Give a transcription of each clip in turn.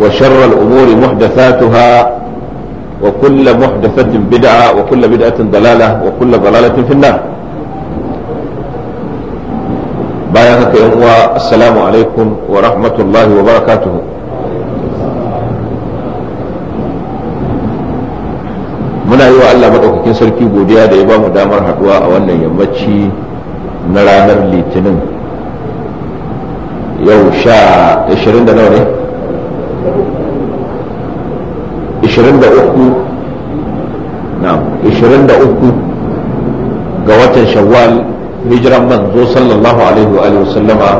وشر الأمور محدثاتها وكل محدثة بدعة وكل بدعة ضلالة وكل ضلالة في النار بايعك يا السلام عليكم ورحمة الله وبركاته muna yi wa Allah maɗaukakin sarki godiya da ya ba mu damar haɗuwa a wannan yammaci na ranar litinin yau sha 20 da nawa ne 23 ga watan shawwal hijiran manzo sallallahu alaihi wa alihi wasallama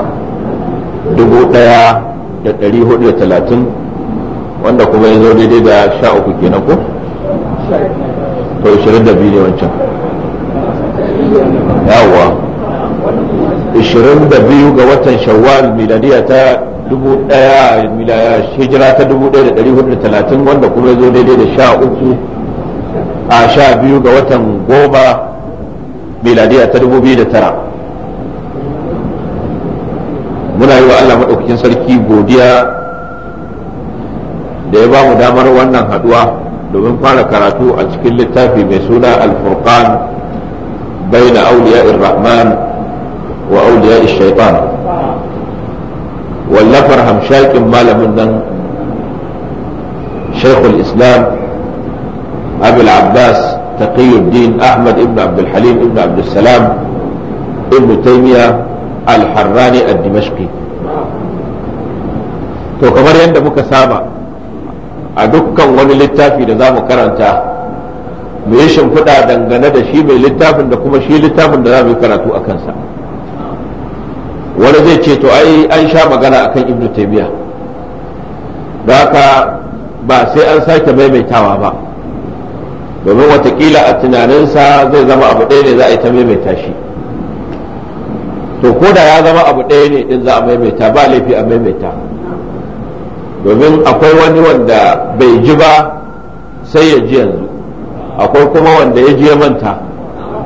1430 wanda kuma ya zo daidai da 13 kenan ko? to 22 ne wancan yawwa 22 ga watan shawwal miladiya ta dubu ɗaya milaya hijira ta dubu ɗaya da ɗari hudu da talatin wanda kuma zo daidai da sha uku a sha biyu ga watan goma miladiya ta dubu biyu da tara muna yi wa Allah maɗaukakin sarki godiya da ya ba mu damar wannan haɗuwa domin fara karatu a cikin littafi mai suna alfurqan bayna auliya rahman wa awliya'ish shaitan wallafar hamshakin malamin nan shaikhul islam abul abbas taqiyuddin ahmad ibn abdul halim ibn abdul salam ibn taymiya al-harrani ad-dimashqi to kamar yadda muka saba a dukkan wani littafi da za mu karanta mu yi shimfiɗa dangane da shi mai littafin da kuma shi littafin da za mu yi karatu a kansa wani zai ce to ai an sha magana akan ibnu taymiya da haka ba sai an sake maimaitawa ba domin watakila a tunaninsa zai zama abu ɗaya ne za a yi ta maimaita shi to ko da ya zama abu ɗaya ne din za a maimaita ba laifi a maimaita domin akwai wani wanda bai ji ba sai ya ji yanzu akwai kuma wanda ya ji ya manta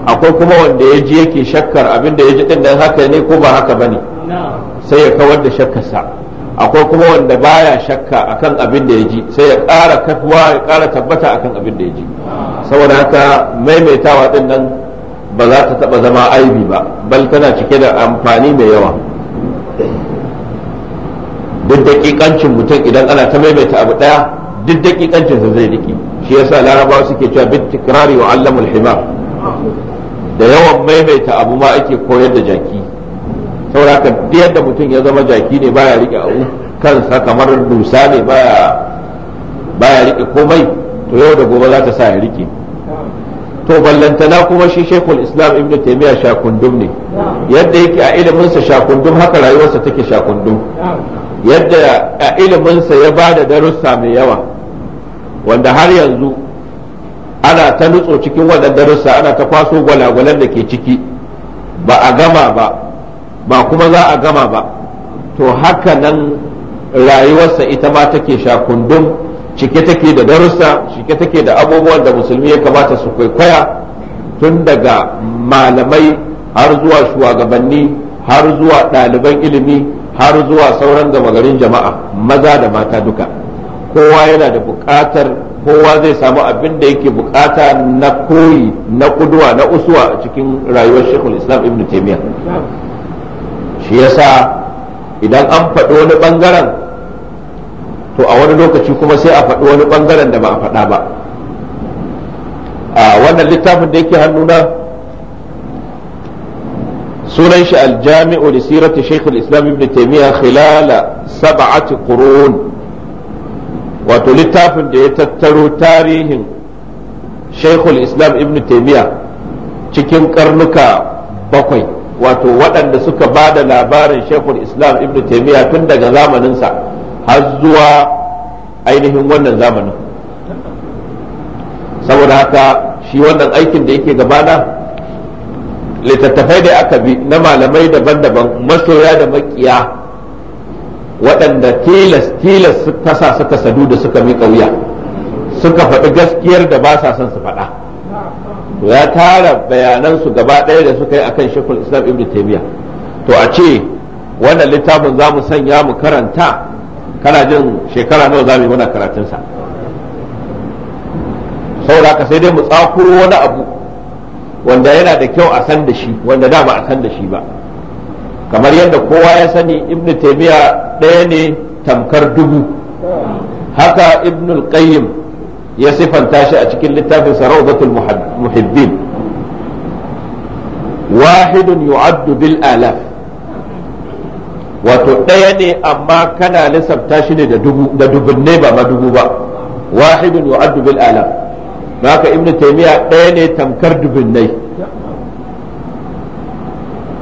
akwai kuma wanda ya ji yake shakkar abin da ya ji din haka ne ko ba haka bane sai ya kawar da shakkarsa akwai kuma wanda baya shakka akan abin da ya ji sai ya ƙara kafuwa ya ƙara tabbata akan abin da ya ji saboda haka maimaitawa din nan ba za ta taba zama aibi ba bal tana cike da amfani mai yawa duk daƙiƙancin mutum idan ana ta maimaita abu ɗaya duk daƙiƙancin sa zai dike shi yasa larabawa suke cewa bit tikrari wa allamul himar da yawan maimaita abu ma ake koyar da jaki sauraka da yadda mutum ya zama jaki ne baya rike abu kansa kamar dusa ne baya baya rike komai to yau da gobe za ta sa ya rike to ballantana kuma shi shekul islam ibn taimiya shakundum ne yadda yake a iliminsa shakundum haka rayuwarsa take shakundum yadda a iliminsa ya ba da darussa mai yawa wanda har yanzu ana ta nutso cikin waɗanda darussa ana ta kwaso gwalagwalan da ke ciki ba a gama ba ba kuma za a gama ba to haka nan rayuwarsa ita ma take kundum cike take da darussa cike take da abubuwan da musulmi ya kamata su kwaikwaya tun daga malamai har zuwa shugabanni har zuwa ɗaliban ilimi har zuwa sauran gama garin jama'a maza da mata duka kowa yana da buƙatar kowa zai samu abin da yake bukata na koyi na kuduwa na usuwa a cikin rayuwar shekul islam ibn taimiyya shi yasa idan an faɗi wani ɓangaren to a wani lokaci kuma sai a faɗi wani ɓangaren da ba a faɗa ba a wannan littafin da yake hannuna sunan shi aljami'u da sirati shekul islam ibn taimiyya khilala sab'ati qurun wato littafin da ya tattaro tarihin shaikhul islam ibn taimiyya cikin karnuka bakwai wato waɗanda suka ba da labarin shaikhul islam ibn taimiyya tun daga zamaninsa har zuwa ainihin wannan zamanin saboda haka shi wannan aikin da yake gabana littattafai da aka bi na malamai daban-daban masoya da makiya waɗanda tilas tilas suka sa suka sadu da suka miƙa wuya suka faɗi gaskiyar da ba sa son su faɗa ya tara bayanansu gaba ɗaya da suka yi akan shekul islam ibn taymiya to a ce wannan littafin za mu sanya mu karanta kana jin shekara nawa za mu yi mana karatunsa saboda haka sai dai mu tsakuro wani abu wanda yana da kyau a san da shi wanda da ba a san da shi ba kamar yadda kowa ya sani ibn taymiya ɗaya ne tamkar dubu haka ibn qayyim ya sifanta shi a cikin littafin saraudatul muhibbin wahidun yu'addu bil alaf wato ɗaya ne amma kana lissafta shi ne da dubunne ba ma dubu ba wahidun yu'addu bil alaf haka ibn taymiya ɗaya ne tamkar dubunne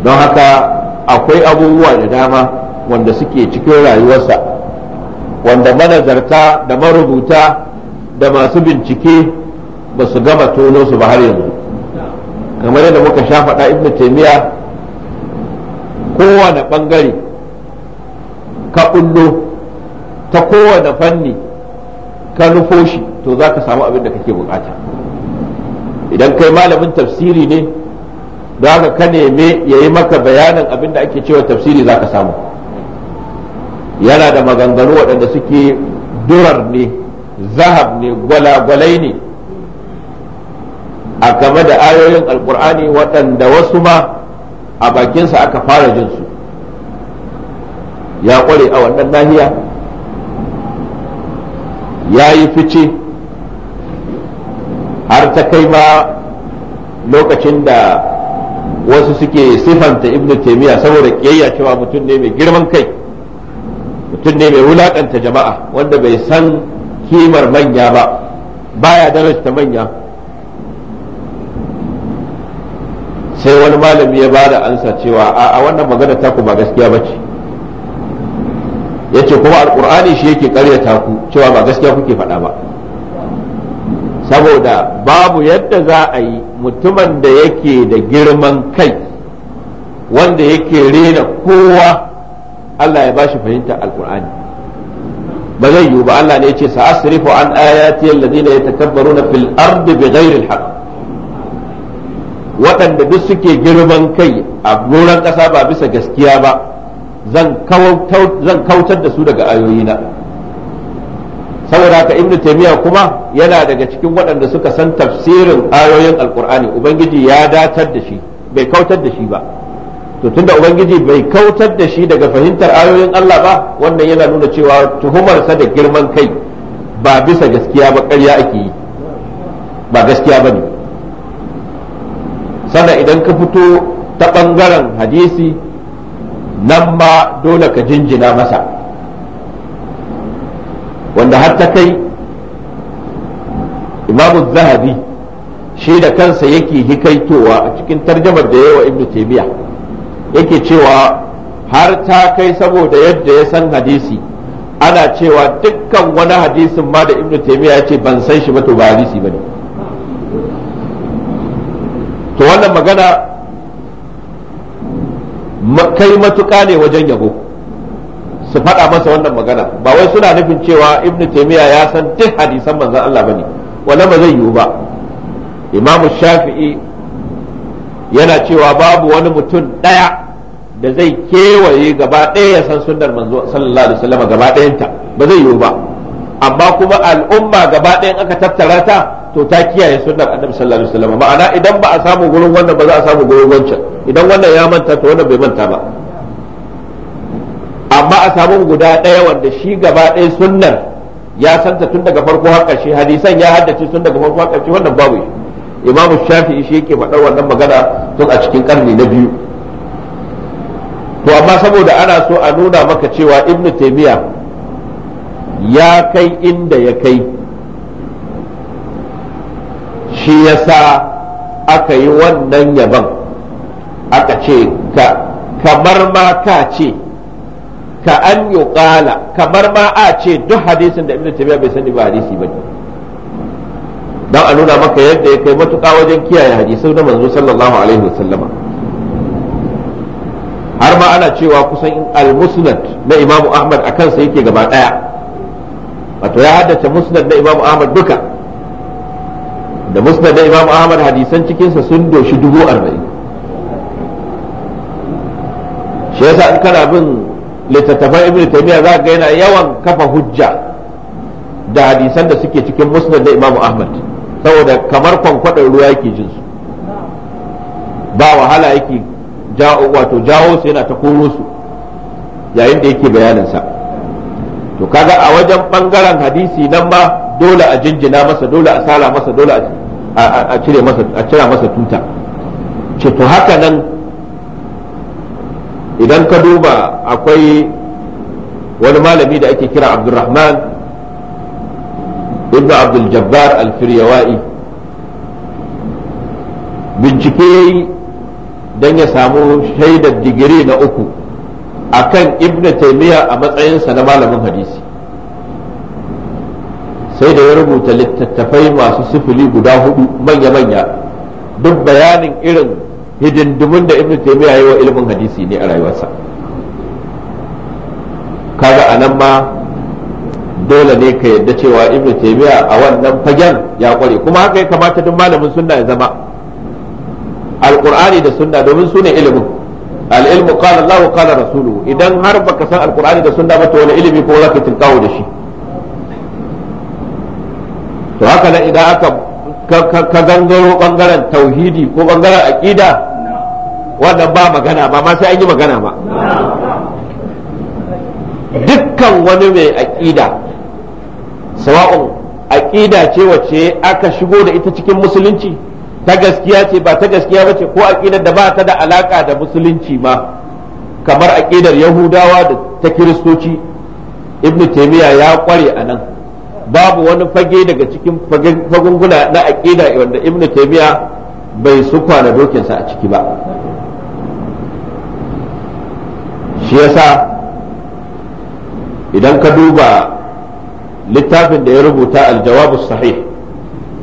don haka akwai abubuwa da dama wanda suke cikin rayuwarsa wanda manazarta da marubuta da masu bincike ba su gama tono su ba har yanzu kamar yadda muka sha faɗa ibn taimiyya kowane ɓangare ka ƙullo ta kowane fanni ka nufo shi to za ka samu abin da kake bukata idan kai malamin tafsiri ne don ka neme ya yi maka bayanin abin da ake cewa tafsiri za ka samu yana da maganganu waɗanda suke durar ne zahab ne gwalagwalai ne a game da ayoyin alkur'ani waɗanda wasu ma a bakinsa aka fara jinsu ya ƙware a wannan nahiya ya yi fice har ta kai ma lokacin da wasu suke sifanta ibn taymiya saboda kiyayya cewa mutum ne mai girman kai mutum ne mai wulakanta jama'a wanda bai san kimar manya ba baya darasta manya sai wani malami ya bada ansa cewa a wannan magana taku ba gaskiya ba ce yace kuma alkur'ani shi yake karyata ku cewa ba gaskiya kuke faɗa ba saboda babu yadda za a yi mutumin da yake da girman kai wanda yake rena kowa Allah ya ba shi fahimta alkur'ani ba zai yiwu ba Allah ne ya ce sa'asrifu an ayati alladhina yatakabbaruna fil ardi bighayri alhaq waɗanda duk suke girman kai a goron ƙasa ba bisa gaskiya ba zan kautar da su daga ayoyina saboda haka ibnu taymiya kuma yana daga cikin waɗanda suka san tafsirin ayoyin alqur'ani ubangiji ya datar da shi bai kautar da shi ba to tunda ubangiji bai kautar da shi daga fahimtar ayoyin Allah ba wannan yana nuna cewa tuhumarsa da girman kai ba bisa gaskiya ba ƙarya ake yi ba gaskiya ba ne sannan idan ka fito ta ɓangaren hadisi nan ma dole ka jinjina masa wanda har ta kai imamu zahabi shi da kansa yake hikaitowa a cikin tarjamar da yawa ibn taymiya yake cewa har ta kai saboda yadda ya san hadisi ana cewa dukkan wani hadisin ma da Ibn taymiya ya ce ban san shi ba to ba hadisi ne. to wannan magana kai matuƙa ne wajen yabo su faɗa masa wannan magana ba wai suna nufin cewa ibnu Taimiyya ya san duk hadisan manzan Allah bane wala ba zai yiwu ba imamu shafi'i yana cewa babu wani mutum ɗaya da zai kewaye gaba ɗaya ya san sunnar manzo sallallahu alaihi wasallam gaba ɗayanta ba zai yiwu ba amma kuma al'umma gaba ɗayan aka tattara ta to ta kiyaye sunnar annabi sallallahu alaihi wasallam ma'ana idan ba a samu gurin wannan ba za a samu gurin wancan idan wannan ya manta to wannan bai manta ba amma a samu guda ɗaya wanda shi gaba ɗaya sunnar ya santa tun daga farko haka shi hadisan ya haddace tun daga farko haka shi wannan babu imam shafi shi yake faɗar wannan magana tun a cikin karni na biyu to amma saboda ana so a nuna maka cewa ibnu taymiya ya kai inda ya kai shi yasa aka yi wannan yaban aka ce kamar ma ka ce ka an ƙala kamar ma a ce duk hadisin da ibnu tabiya bai sani ba hadisi ba dan a nuna maka yadda ya kai matuƙa wajen kiyaye hadisai na manzo sallallahu alaihi wasallama har ma ana cewa kusan al-musnad na imamu ahmad akan sa yake gaba daya wato ya haddace musnad na imamu ahmad duka da musnad na imamu ahmad hadisan cikinsa sun doshi dubu arba'in shi yasa in kana bin littattafan ibnu taymiya za ga yana yawan kafa hujja da hadisan da suke cikin musnad da imamu ahmad saboda kamar kwankwadon ruwa yake jin su ba wahala yake jawo wato jawo su yana ta koro su yayin da yake bayanin sa to kaga a wajen bangaren hadisi nan ma dole a jinjina masa dole a sala masa dole a cire masa a cira masa tuta ce to haka nan idan ka duba akwai wani malami da ake kira abdulrahman ibn abdul jabbar al-firyawa'i bincike ya don ya samu shaidar digiri na uku akan ibn taimiyya a matsayinsa na malamin hadisi sai da ya rubuta littattafai masu sifili guda hudu manya-manya duk bayanin irin hidindimin da ibnu taymiya yayi wa ilimin hadisi ne a rayuwarsa kaga anan ma dole ne ka yadda cewa ibnu taymiya a wannan fagen ya kware kuma haka ya kamata duk malamin sunna ya zama alqur'ani da sunna domin su ilimin al qala Allah qala rasuluhu idan har baka san alqur'ani da sunna ba to wani ilimi ko zaka tilkawo da shi to haka nan idan aka ka gangaro bangaren tauhidi ko bangaren aqida wannan ba magana ba ma sai an yi magana ba dukkan wani mai aƙida sawa'un aƙida ce wace aka shigo da ita cikin musulunci ta gaskiya ce ba ta gaskiya ba ce ko aƙidar da ba ta da alaƙa da musulunci ma kamar aƙidar yahudawa da ta kiristoci Ibn taimiyya ya ƙware a nan babu wani fage daga cikin fagunguna na aƙida wanda Ibn taimiyya bai su kwana dokinsa a ciki ba shi yasa idan ka duba littafin da ya rubuta aljawabu sahih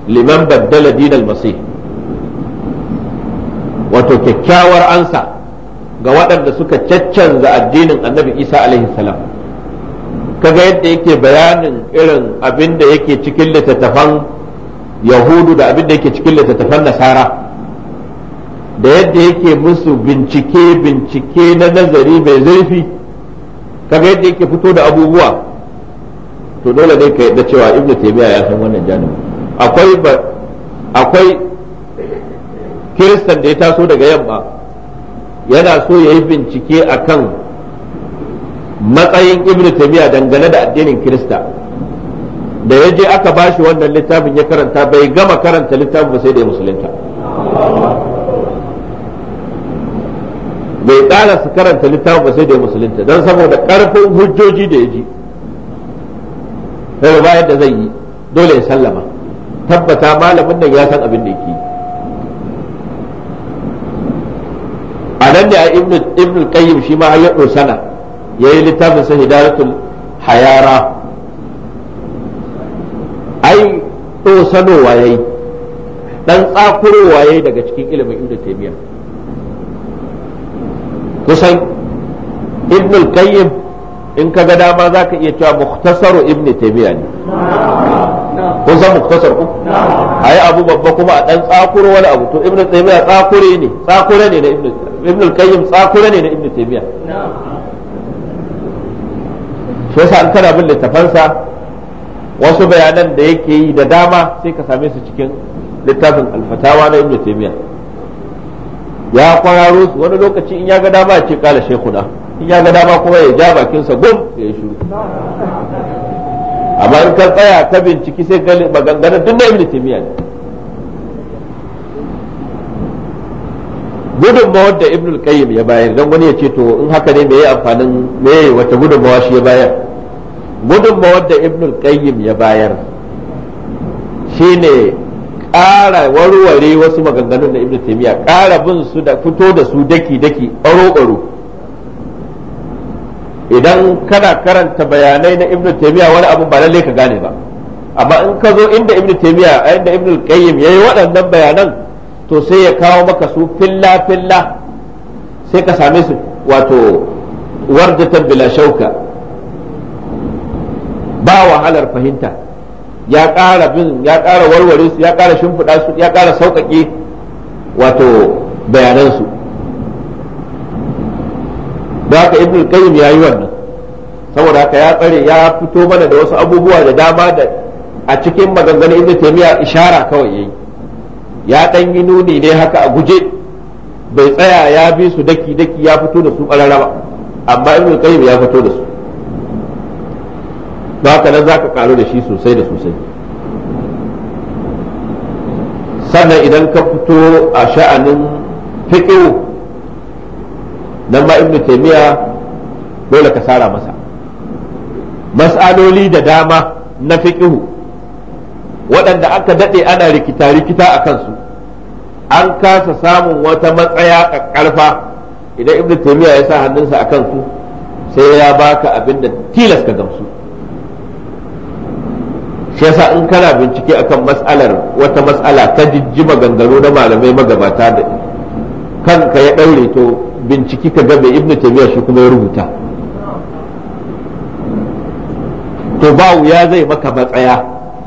liman baddala dinal masih wato kyakkyawar ansa ga waɗanda suka caccanza addinin annabi isa alaihi salam kaga yadda yake bayanin irin abin da yake cikin littattafan yahudu da abin da yake cikin littattafan nasara da yadda yake musu bincike bincike na nazari mai zurfi kaga yadda yake fito da abubuwa to dole ne ka yadda cewa ibnu taymiya ya san wannan janibin akwai akwai kiristan da ya taso daga yamma yana so ya yi bincike a kan matsayin ibnu taymiya dangane da addinin kirista da ya je aka bashi wannan littafin ya karanta bai gama karanta littafin ba sai da ya musulunta bai ƙara su karanta littafin ba sai da musulunta don saboda ƙarfin hujjoji da ya ji sai bayan da zai yi dole ya sallama tabbata malamin nan ya san abin da yake a nan ne a ibn qayyim shi ma ya sana ya yi littafin sa hidayatul hayara ai ɗosanowa ya yi ɗan tsakurowa ya daga cikin ilimin ibn taymiyyah kusan ibn al-qayyim in ka ga dama za ka iya cewa mukhtasaru ibn taymiya ne kun san mukhtasar ku a yi abu babba kuma a ɗan tsakuro wani abu to ibn taymiya tsakure ne tsakure ne na ibn al-qayyim tsakure ne na ibn taymiya shi yasa an kana bin littafansa wasu bayanan da yake yi da dama sai ka same su cikin littafin alfatawa na ibn taymiya ya kwararo su wani lokaci in ya ga dama ya ce kala shekuna in ya ga dama kuma ya ja bakinsa gum ya yi shiru amma in ka tsaya ka binciki sai ga maganganun duk na ibn taymiya ne gudunmawar da ibn qayyim ya bayar don wani ya ce to in haka ne mai yi amfanin me wata gudunmawa shi ya bayar gudunmawar da ibn qayyim ya bayar shine ƙara warware wasu maganganun na ibnu taimiyya ƙara bin su da fito da su daki daki ɓaro-ɓaro idan kana karanta bayanai na ibnu taimiyya wani abu ba lalle ka gane ba amma in ka zo inda ibnu taimiyya a inda ibnu ya yi waɗannan bayanan to sai ya kawo maka su filla filla sai ka same su wato wardatan bila shauka ba wahalar fahimta ya ƙara bin ya ƙara warware su ya ƙara shimfiɗa su ya ƙara sauƙaƙe wato bayanansu da haka ibn qayyim ya yi wannan saboda haka ya tsare ya fito mana da wasu abubuwa da dama da a cikin maganganun ibn taymiya ishara kawai yayi ya dan yi nuni ne haka a guje bai tsaya ya bi su daki daki ya fito da su ƙararraba amma ibn qayyim ya fito da su ba ka nan za ka karu da shi sosai da sosai sannan idan ka fito a sha'anin fiƙo nan ma ibn taimiyya dole ka sara masa mas'aloli da dama na fiƙihu waɗanda aka daɗe ana rikita-rikita a kansu an kasa samun wata matsaya ƙarfa idan ibn taimiyya ya sa hannunsa a kansu sai ya baka abin da tilas ka gamsu shi yasa in kana bincike akan mas'alar wata mas'ala ta jijjima gangaro na malamai magabata da kanka ya daure to binciki ka ga bai ibnu taymiya shi kuma ya rubuta to ba wuya zai maka matsaya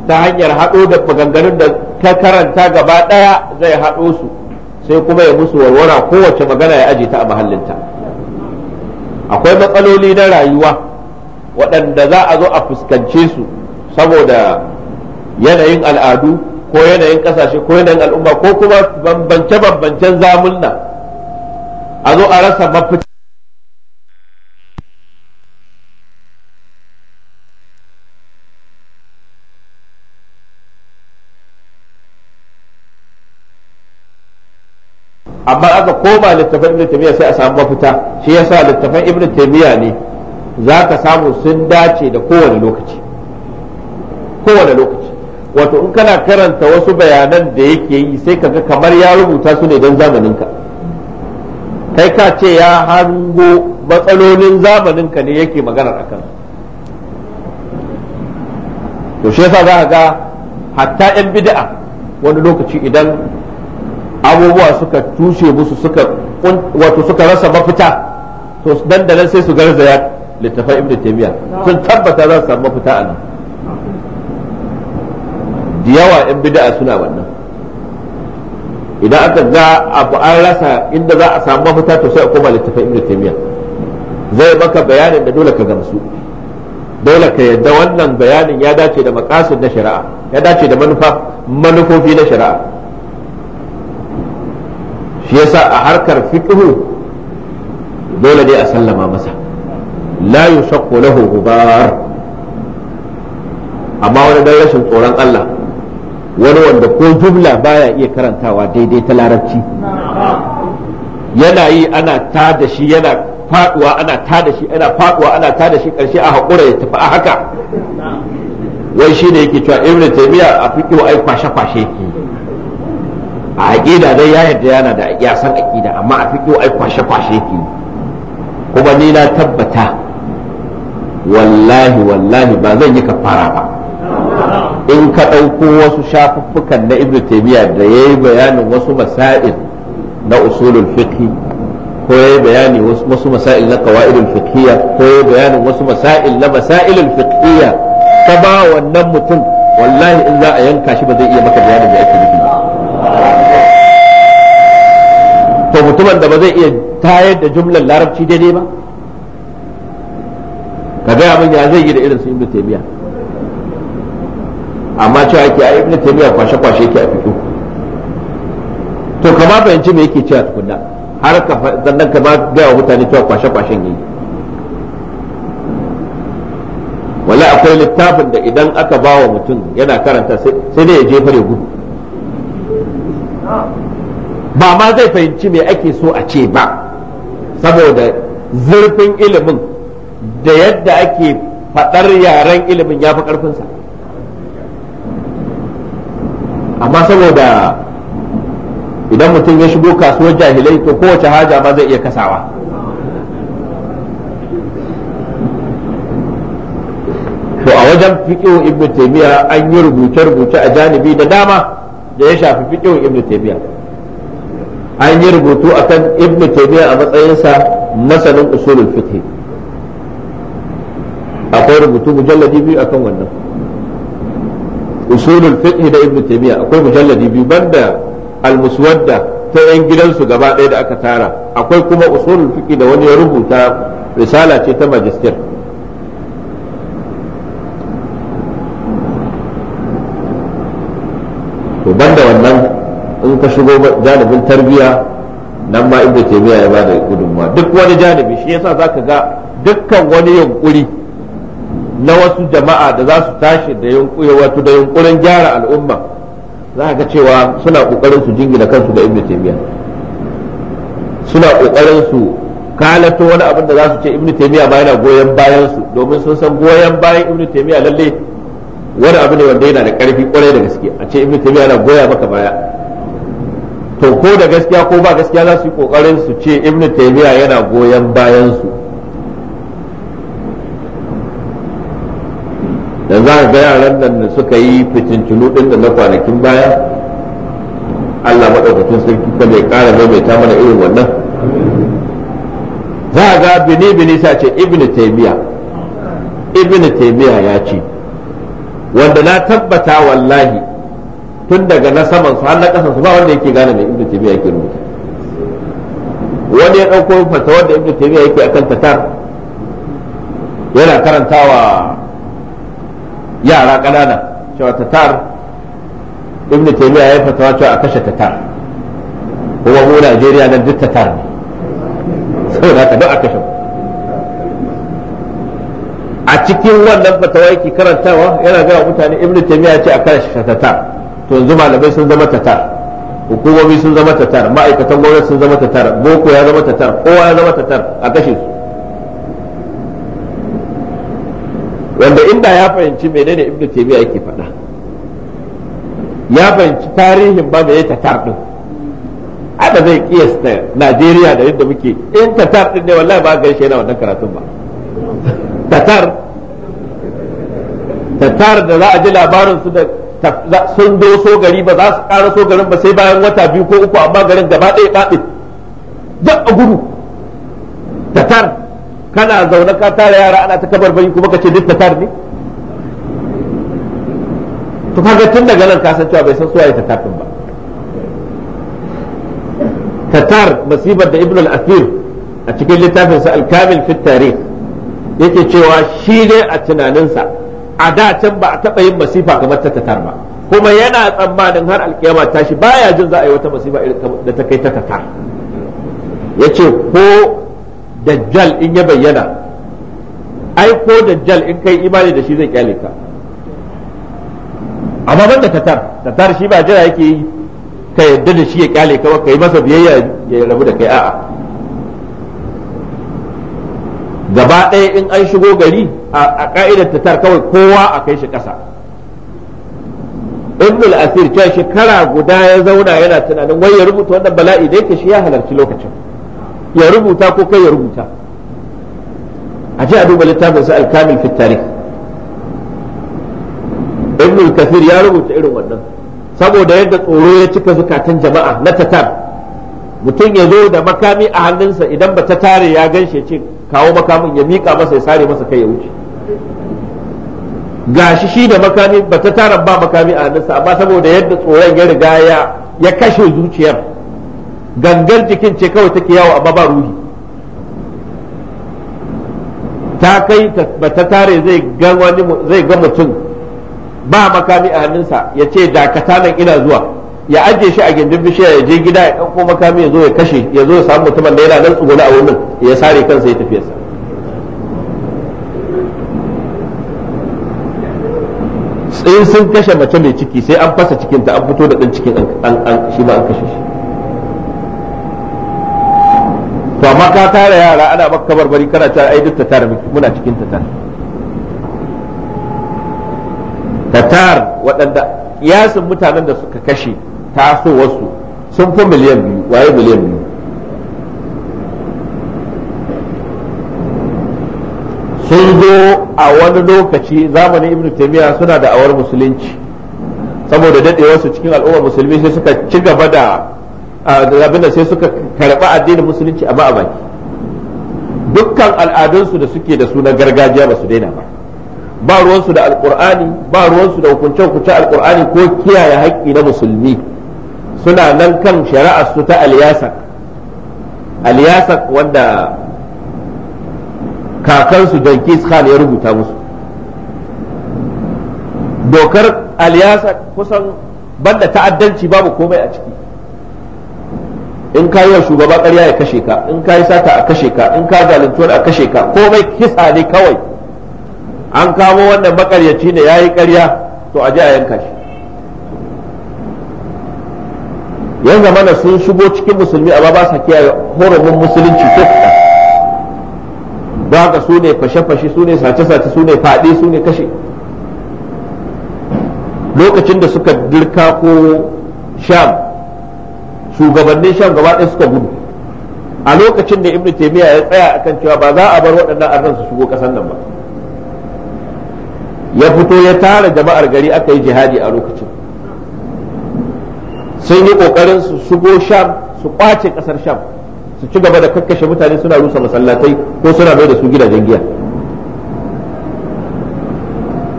ta hanyar haɗo da maganganun da ka karanta gaba ɗaya zai haɗo su sai kuma ya musu warwara kowace magana ya aje ta a mahallinta akwai matsaloli na rayuwa waɗanda za a zo a fuskance su saboda yanayin al'adu ko yanayin kasashe ko yanayin al'umma ko kuma bambance-bambancen zamunna a zo a rasa mafita amma aka koma littafin ibn taymiya sai a samu mafita shi yasa littafin ibn taymiya ne za ka samu sun dace da kowane lokaci kowane lokaci wato in kana karanta wasu bayanan da yake yi sai kaga kamar ya rubuta su ne don zamaninka kai ka ce ya hango matsalolin zamaninka ne yake maganar akan to shi yasa za ga hatta 'yan bid'a wani lokaci idan abubuwa suka tushe musu suka wato suka rasa mafita to dandalan sai su garzaya littafan ibnu taymiya sun tabbata za su samu mafita a nan da yawa yan da'a suna wannan idan aka ga abu an rasa inda za a samu mafita to sai a koma littafin ibnu taymiya zai maka bayanin da dole ka gamsu dole ka yadda wannan bayanin ya dace da makasin na shari'a ya dace da manufa manufofi na shari'a shi yasa a harkar fiqhu dole ne a sallama masa la yushaqqu lahu gubar amma wani dan rashin tsoron Allah wani wanda ko jumla baya iya karantawa daidai ta larabci yana yi ana ta da shi yana faduwa ana ta da shi yana faduwa ana ta da shi karshe a haƙura ya tafi a haka wai shi ne yake cewa ibn taymiya a wa ai kwashe kwashe yake a aqida dai ya yarda yana da ya san aqida amma a wa ai kwashe kwashe yake kuma ni na tabbata wallahi wallahi ba zan yi kafara ba in ka ɗauko wasu shafuffukan na ibnu taymiya da ya yi bayanin wasu masail na usulul fiqh ko ya yi bayani wasu masail na qawaidul fiqhiyya ko ya yi bayanin wasu masail na masailul fiqhiyya ka ba wannan mutum wallahi in za a yanka shi ba zai iya maka bayanin da ake nufi to mutumin da ba zai iya tayar da jumlar larabci daidai ba ka gaya min ya zai yi da irin su ibnu taymiya amma cewa yake a ibn taymiya kwashe kwashe yake a fito to kama fahimci me yake cewa tukunna har ka sannan ka ba ga wa mutane cewa kwashe kwashen yi wala akwai littafin da idan aka ba wa mutum yana karanta sai dai ya jefa ya gudu ba ma zai fahimci me ake so a ce ba saboda zurfin ilimin da yadda ake faɗar yaren ilimin ya fi ƙarfinsa amma saboda idan mutum ya shigo kasuwar jahilai to kowace haja ma zai iya kasawa to a wajen fiƙin ibn taymiya an yi rubuce-rubuce a janibi da dama da ya shafi fiƙin ibn taymiya an yi rubutu akan ibn taymiya a matsayinsa masanin usulul fiqh akwai rubutu mujalladi biyu akan wannan usulul fiqh da ibnu akwai mujalladi biyu banda al-muswadda ta yan gidansu gaba ɗaya da aka tara akwai kuma usulul fiqh da wani ya rubuta risala ce ta majistir to banda wannan in ka shigo janibin tarbiya nan ma ibnu ya bada gudunmawa duk wani janibi shi yasa zaka ga dukkan wani yunkuri na wasu jama'a da za su tashi da wato da yunkurin gyara al'umma za ga cewa suna kokarin su jingina kansu da ibn taymiya suna kokarin su kalato wani abin da za su ce ibn taymiya ba yana goyon bayan su domin sun san goyon bayan ibn taymiya lalle wani abu ne wanda yana da karfi kwarai da gaske a ce ibn taymiya yana goya maka baya to ko da gaskiya ko ba gaskiya za su yi kokarin su ce ibn taymiya yana goyon bayan su yanzu za ga yaran nan da suka yi fitincinu din da na kwanakin baya Allah maɗaukakin sarki ka mai ƙara maimaita mana irin wannan za a ga bini bini sa ce ibnu taymiya ibnu taymiya ya ce wanda na tabbata wallahi tun daga na saman su har na su ba wanda yake gane mai ibnu taymiya yake rubuta wani ya ɗauko fata wanda ibnu taymiya yake akan tatar yana karantawa yara ƙanana cewa tatar ibn taymiya ya fatawa cewa a kashe tatar kuma mu Najeriya nan duk tatar ne saboda ka duk a kashe a cikin wannan fatawa yake karantawa yana ga mutane ibn taymiya ce a kashe tatar to yanzu malamai sun zama tatar hukumomi sun zama tatar ma'aikatan gwamnati sun zama tatar boko ya zama tatar kowa ya zama tatar a kashe su wanda inda ya fahimci menene ibnu taymiya yake faɗa ya fahimci tarihin ba da ya tatar din ada zai kiyasta Najeriya da yadda muke in tatar din ne wallahi ba gaishe na wannan karatun ba tatar tatar da za a ji labarin su da sun doso gari ba za su ƙara so garin ba sai bayan wata biyu ko uku amma garin gaba ɗaya ɗaɗin a gudu tatar kana zaune ka tara yara ana ta kabar bayi kuma ce duk tatar ne to kaga tun daga nan ka san cewa bai san suwaye tatar din ba tatar masibar da ibn al-athir a cikin littafin sa al-kamil fi tarikh yake cewa shi ne a tunaninsa a da can ba a taba yin masifa kamar ta tatar ba kuma yana tsammanin har alkiyama tashi baya jin za a yi wata masifa da ta kai ta tatar yace ko dajjal in ya bayyana ai ko dajjal in kai imani da shi zai kyale ka amma banda tatar tatar shi ba jira yake yi ka yadda da shi ya kyale ka ka yi masa biyayya ya rabu da kai a'a gaba ɗaya in an shigo gari a ka'idar tatar kawai kowa a kai shi ƙasa ibn al-asir cewa shekara guda ya zauna yana tunanin wai ya rubuta wannan bala'i dai ka shi ya halarci lokacin ya rubuta ko kai ya rubuta a ji a duba littafin su alkamil kamil fi tarikh kafir ya rubuta irin wannan saboda yadda tsoro ya cika zukatan jama'a na tatar mutum ya zo da makami a hannunsa idan ba ta tare ya gan shi ce kawo makamin ya miƙa masa ya sare masa kai ya wuce gashi shi da makami ba ta tara ba makami a hannunsa amma saboda yadda tsoron ya riga ya kashe zuciyar gangar jikin ce kawai take yawo amma ba ruhi ta kai ta tare zai ga zai ga mutum ba makami a hannunsa ya ce dakata nan ina zuwa ya ajiye shi a gindin bishiya ya je gida ya ɗauko makami ya zo ya kashe ya zo ya samu mutumin da yana nan tsugune a wurin ya sare kansa ya tafi sa sai sun kashe mace mai ciki sai an fasa cikinta an fito da ɗan cikin an shi ba an kashe shi to amma ka tara yara ana baka bari kana ta ai duk tatar muna cikin tatar tatar waɗanda yasin mutanen da suka kashe tasowarsu sun fi miliyan biyu waye miliyan biyu sun zo a wani lokaci zamanin ibn taymiya suna da awar musulunci saboda daɗewarsu cikin al'ummar musulmi sai suka ci gaba da abinda sai suka karɓi addinin musulunci a baki dukkan al'adunsu da suke da suna gargajiya ba su daina ba ba ruwansu da alkur'ani ba ruwansu da hukunce hukunce alkur'ani ko kiyaye haƙƙi na musulmi suna nan kan shari'ar su ta aliyasak aliyasak wanda kakansu jankis khan ya rubuta musu dokar aliyasak kusan banda ta'addanci babu komai a ciki in ka yi wa shugaba ƙarya ya kashe ka in ka yi sata a kashe ka in ka zaluntuwar a kashe ka komai kisa ne kawai an kamo wannan makaryaci ne ya yi ƙarya to a ji a yanka shi yan zamana sun shigo cikin musulmi amma ba sa kiyaye horomin musulunci ko kuɗa ba ka su ne fashe-fashe su ne sace-sace su ne faɗi su ne kashe lokacin da suka dirka ko sham shugabannin shan gaba ɗaya suka gudu a lokacin da ibnu taymiya ya tsaya akan cewa ba za a bar waɗannan arzan su shigo ƙasar nan ba ya fito ya tara jama'ar gari aka yi jihadi a lokacin sun yi ƙoƙarin su shigo sham su ƙwace ƙasar sham su ci gaba da kakkashe mutane suna rusa masallatai ko suna mai da su gidajen giya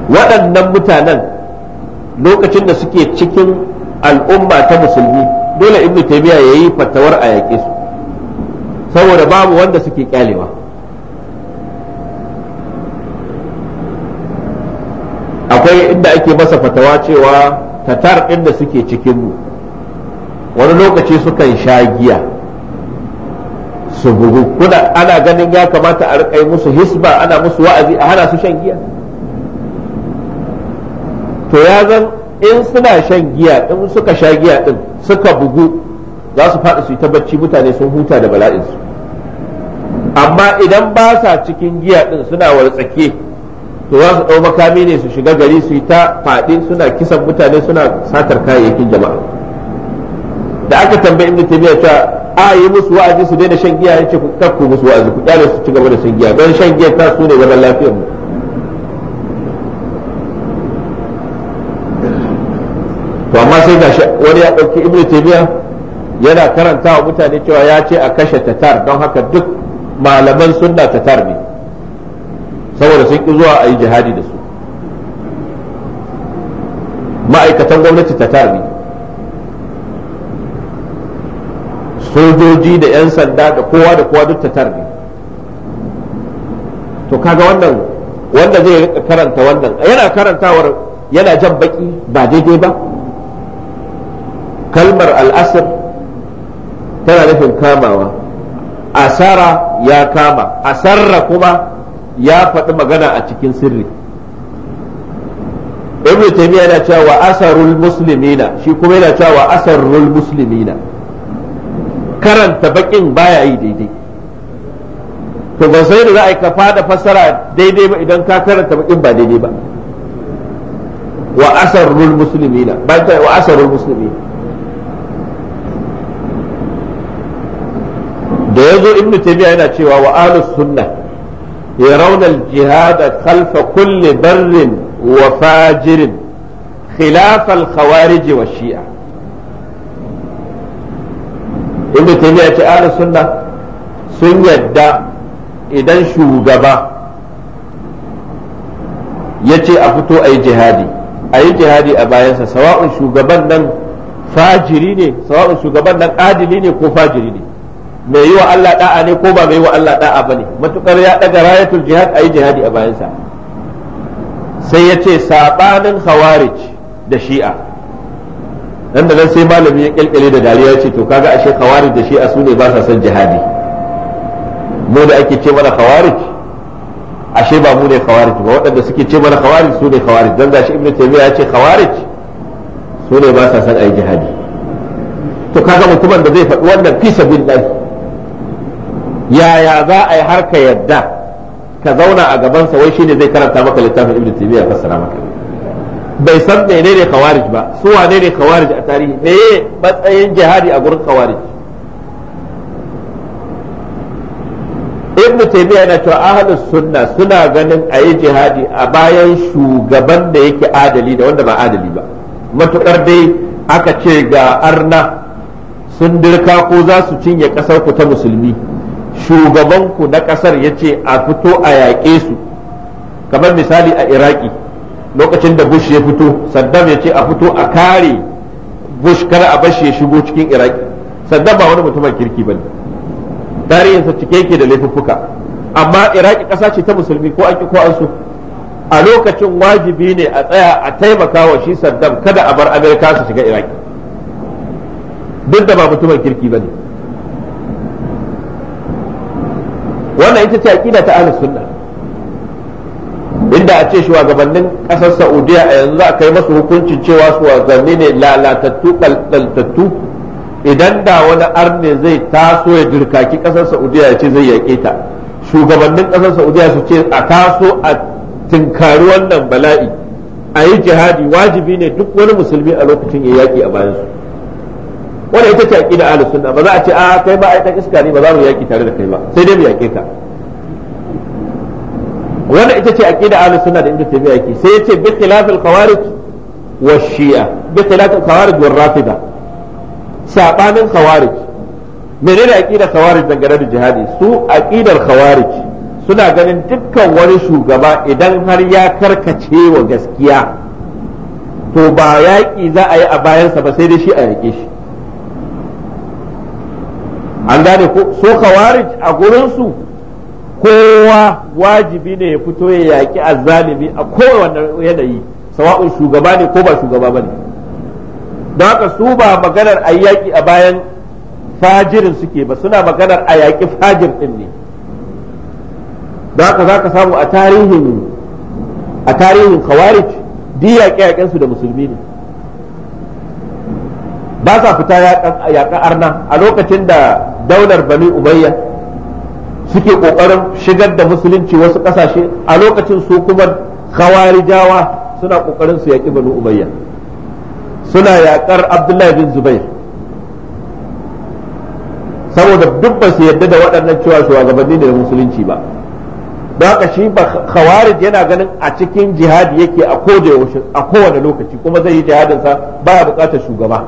waɗannan mutanen lokacin da suke cikin al'umma ta musulmi dole ibnu taymiya yayi fatawar a yake su saboda babu wanda suke kyalewa akwai inda ake masa fatawa cewa tatar ɗin da suke mu wani lokaci sukan sha giya su bugu kuna ana ganin ya kamata a rikai musu hisba ana musu wa'azi a hana su shan giya to ya zan in suna shan giya in suka sha giya din suka bugu za su faɗi su yi ta bacci mutane sun huta da bala'insu amma idan ba sa cikin giya din suna wartsake to za su ɗau makami ne su shiga gari su yi ta faɗi suna kisan mutane suna satar kayayyakin jama'a da aka tambayi ibnu biya cewa a yi musu wa'azi su daina shan giya yace ku kakku musu wa'azi ku kyale su ci gaba da shan giya don shan giya ta su ne zaman lafiyar mu amma sai gashi wani ya ɗauki ibn taymiya yana karanta wa mutane cewa ya ce a kashe tatar don haka duk malaman sunna tatar ne saboda sun ƙi zuwa a yi jihadi da su ma'aikatan gwamnati tatar ne sojoji da 'yan sanda da kowa da kowa duk tatar ne to kaga wannan wanda zai karanta wannan yana karantawar yana jan baki ba daidai ba kalmar al'asr tana nufin kamawa asara ya kama asarra kuma ya faɗi magana a cikin sirri ibnu taymiya yana cewa wa asarul muslimina shi kuma yana cewa wa asarul muslimina karanta bakin baya yi daidai to ban sai da za a yi kafa da fassara daidai ba idan ka karanta baƙin ba daidai ba wa asarul muslimina ba wa asarul muslimina da yazo ibnu taymiya yana cewa wa ahlus sunnah yarawna al-jihad khalfa kulli barrin wa fajirin khilaf al wa shia ibnu taymiya ce ahlus sunnah sun yadda idan shugaba ya ce a fito a yi jihadi a jihadi a bayansa sawa'un shugaban nan fajiri ne sawa'un shugaban nan adili ne ko fajiri ne mai yi wa Allah da'a ne ko ba mai yi wa Allah da'a ba ne matukar ya daga rayatul jihad a yi jihadi a bayansa sai ya ce saɓanin khawarij da shi'a nan da nan sai malami ya kyalkyale da dariya ce to kaga ashe khawarij da shi'a su ne ba sa son jihadi mu da ake ce mana khawarij ashe ba mu ne khawarij ba waɗanda suke ce mana khawarij su ne khawarij dan gashi ibnu taymiya ya ce khawarij su ne ba sa son ayi jihadi to kaga mutumin da zai faɗi wannan fi sabilillah yaya za a yi har ka yadda ka zauna a gabansa wai shine zai karanta maka littafin ibnu ya fassara maka bai san menene khawarij ba su wane ne khawarij a tarihi meye matsayin jihadi a gurin khawarij ibnu taymiya yana cewa ahlus sunna suna ganin ayi jihadi a bayan shugaban da yake adali da wanda ba adali ba matukar dai aka ce ga arna sun dirka ko za su cinye kasar ku ta musulmi shugabanku na ƙasar ya ce a fito a yaƙe su kamar misali a iraki lokacin da bush ya fito saddam ya ce a fito a kare bush kar a bashi ya shigo cikin iraki saddam ba wani mutumin kirki ba ne tarihinsa cike yake da laifuffuka amma iraki ƙasa ce ta musulmi ko an ki ko an so a lokacin wajibi ne a tsaya a taimaka wa shi saddam kada a bar amerika su shiga iraki duk da ba mutumin kirki ba ne wannan ita ce aqida ta ahlus sunna inda a ce shugabannin ƙasar saudiya a yanzu a kai masu hukuncin cewa su wazanni ne lalatattu kalkaltattu idan da wani arne zai taso ya dirkaki ƙasar saudiya ya ce zai yaƙe ta shugabannin ƙasar saudiya su ce a taso a tinkari wannan bala'i a yi jihadi wajibi ne duk wani musulmi a lokacin ya yaƙi a bayansu wannan ita ce aqida ahlus sunna ba za a ce a ah, kai ba ai dan iska ne ba za mu yaki tare da kai ba sai dai mu yake ka wannan ita ce aqida ahlus sunna da ibnu taymiya yake sai yace bi khilaf al khawarij wa shi'a bi khilaf al khawarij wa rafida sabanin khawarij menene aqidar khawarij dangane da jihadi su aqidar khawarij suna ganin dukkan wani shugaba idan har ya karkace wa gaskiya to ba yaƙi za a yi a bayansa ba sai dai shi a yaƙe shi an gane ko so kawarij a gurinsu kowa wajibi ne ya fito ya yaki azzalimi a kowane yanayi sawa'un shugaba ne ko ba shugaba ba ne. don haka su ba maganar a yaki a bayan fajirin suke ba suna maganar a yaki fajir din ne don haka za ka samu a tarihin a tarihin khawarij duk yaƙe-yaƙensu da musulmi ne ba sa fita yaƙa arna a lokacin da daular bani ubayya suke ƙoƙarin shigar da musulunci wasu ƙasashe a lokacin su kuma jawa suna ƙoƙarin su yaƙi bani ubayya suna yaƙar abdullahi bin zubair saboda duk ba su yarda da waɗannan cewa shugabanni ne da musulunci ba don haka shi ba khawarij yana ganin a cikin jihadi yake a kowane lokaci kuma zai yi jihadinsa baya buƙatar shugaba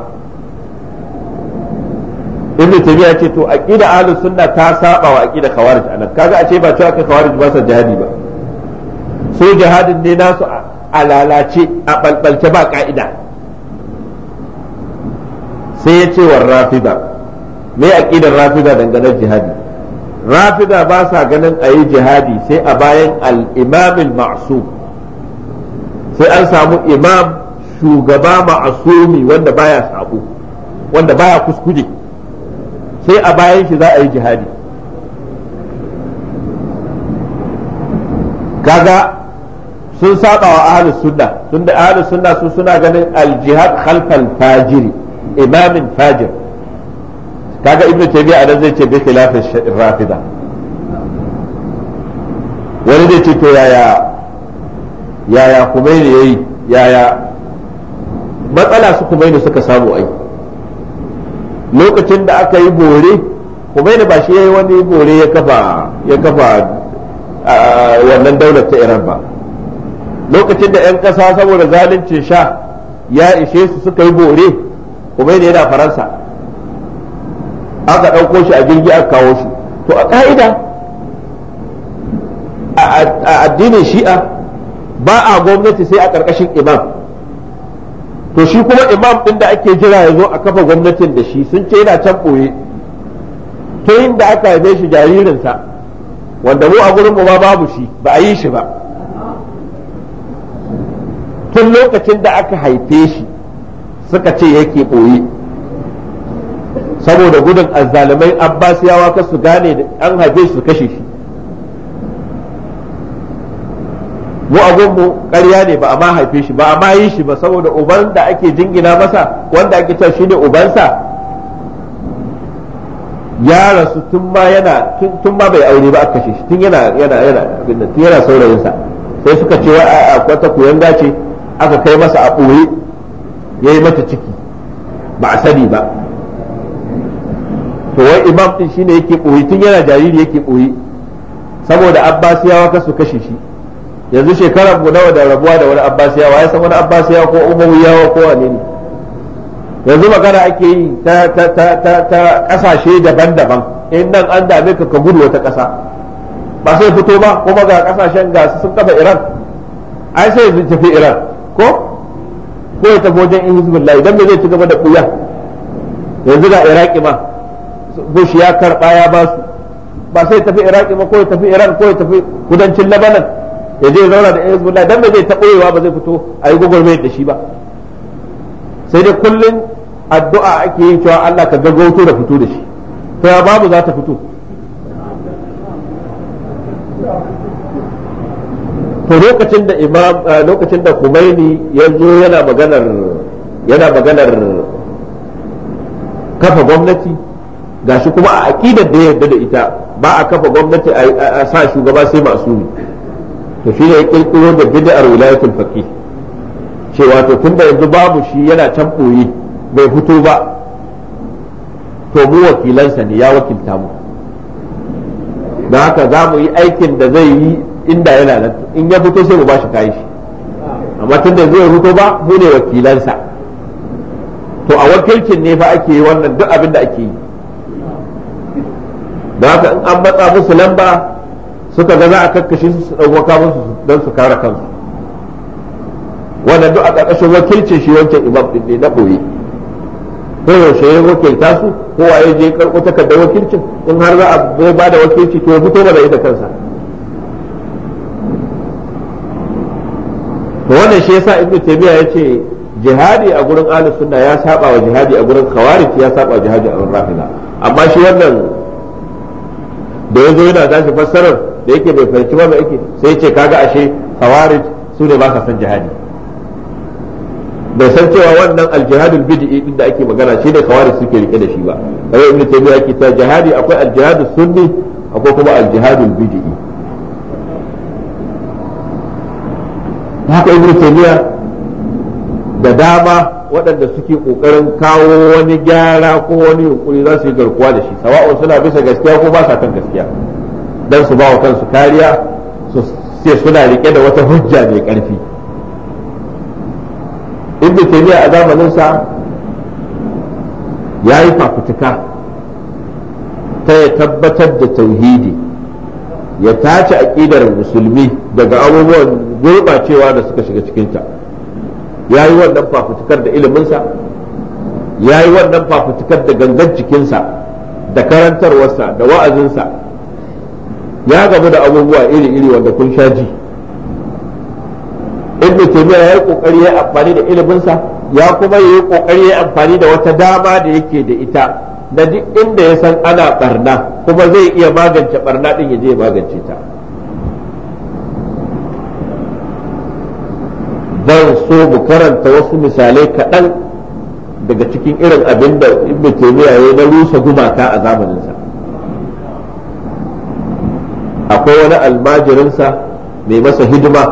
ibnu taymiya ce to aqida ahlus sunna ta saba wa aqida khawarij anan kaga a ce ba cewa khawarij ba sa jihadi ba su jihadin ne nasu a lalace a balbalce ba ka'ida sai ya ce wa rafida me aqidar rafida dangane jihadi rafida ba sa ganin ayi jihadi sai a bayan al-imam al-ma'sum sai an samu imam shugaba ma'asumi wanda baya sabo wanda baya kuskure sai a bayan shi za a yi jihadi kaga sun saba wa ahli sunna tunda ahli sunna su suna ganin al-jihad khalfal fajiri imamin fajir kaga ibnu taymiya anan zai ce bi khilafin rafida wani zai ce to yaya yaya kuma yayi yaya matsala su kumaini suka samu ai lokacin da aka yi bore Khomeini ba shi yayi wani bore ya kafa ya kafa wannan daular ta Iran ba lokacin da 'yan ƙasa saboda zaluncin sha ya ishe su suka yi bore Khomeini yana Faransa aka ɗauko shi a jirgi aka kawo shi to a ƙa'ida a addinin shi'a ba a gwamnati sai a ƙarƙashin imam to shi kuma imam din da ake jira ya zo a kafa gwamnatin da shi sun ce yana can ɓoye yin da aka haife shi jaririnsa wanda mu a gurin mu ba babu shi ba a yi shi ba tun lokacin da aka haife shi suka ce yake ɓoye saboda gudun azzalumai abbasiyawa ka su gane an haife su kashe shi mu mu ƙarya ne ba a ma haife shi ba a ma yi shi ba saboda uban da ake jingina masa wanda ake cewa shine ubansa ya rasu tun ma yana tun ma bai aure ba aka shi tun yana yana yana tun yana saurayin sa sai suka ce wa a kwata kuyan dace aka kai masa a ɓoye yayi mata ciki ba a sani ba to wai imam din shine yake ɓoye tun yana jariri yake ɓoye saboda abbasiyawa su kashe shi yanzu shekarar mu nawa da rabuwa da wani abbasiyawa ya san wani abbasiyawa ko umawiyawa ko wane ne yanzu magana ake yi ta ta ta ta ta kasashe daban-daban in nan an dame ka ka gudu wata kasa ba sai fito ba kuma ga kasashen ga sun kafa Iran ai sai su tafi Iran ko ko ya tafi wajen in hizbullah idan zai ci gaba da buya yanzu ga Iraki ma Bush ya karba ya ba su ba sai tafi Iraki ba ko ya tafi Iran ko ya tafi kudancin Lebanon ya je zauna da hezbollah dan ba zai taɓoyewa ba zai fito a yi gwagwarmayar da shi ba sai dai kullum addu'a ake yin cewa Allah ka gaggauto da fito da shi to ya babu za ta fito to lokacin da imam eh, lokacin da kumaini ya zo yana maganar yana maganar kafa gwamnati gashi kuma a aqidar da ya yarda da ita ba a kafa gwamnati a sa shugaba sai masu. to shi ne kirkiro da bid'ar wilayatul faqi cewa to tunda yanzu babu shi yana can boye bai fito ba to mu wakilansa ne ya wakilta mu don haka za mu yi aikin da zai yi inda yana nan in ya fito sai mu ba shi kayan shi amma tunda zai fito ba mu ne wakilansa to a wakilcin ne fa ake yi wannan duk abin da ake yi don haka in an matsa musu lamba suka ga za a kakkashe su su ɗauko su don su kare kansu wannan duk a ƙarƙashin wakilcin shi wancan imam ɗin ne na ɓoye ko yaushe ya wakilta su ko yi je karɓo takardar wakilcin in har za a bai ba da wakilci to ya fito ba da ita kansa to wannan shi yasa ibnu taymiya yace jihadi a gurin ahlus sunna ya saba wa jihadi a gurin khawarij ya saba jihadi a gurin rafida amma shi wannan da ya zo yana tashi fassarar da yake bai fahimci ba yake sai ce ce kaga ashe khawarij su ne ba sa san jihadi bai san cewa wannan aljihadul bid'i din da ake magana shi ne khawarij suke rike da shi ba kamar ibnu taymiya yake ta jihadi akwai aljihadus sunni akwai kuma aljihadul bid'i haka ibnu taymiya da dama waɗanda suke ƙoƙarin kawo wani gyara ko wani yunkuri za su yi garkuwa da shi sawa'un suna bisa gaskiya ko ba sa kan gaskiya don su ba wa kansu kariya su sai suna riƙe da wata hujja mai ƙarfi inda taymiya a zamaninsa ya yi fafutuka ta ya tabbatar da tauhidi ya tace aƙidar musulmi daga abubuwan gurɓacewa da suka shiga cikinta ya yi wannan fafutukar da iliminsa ya yi wannan fafutukar da gangan jikinsa da karantarwarsa da wa'azinsa ya gamu da abubuwa iri-iri wanda kun sha ji ibn taymiya ya yi kokari ya amfani da iliminsa ya kuma yi kokari ya amfani da wata dama da yake da ita na duk inda ya san ana barna kuma zai iya magance barna din ya je magance ta zan so mu karanta wasu misalai kaɗan daga cikin irin abin da ibn taymiya ya na rusa gumaka a zamaninsa akwai wani almajirinsa mai masa hidima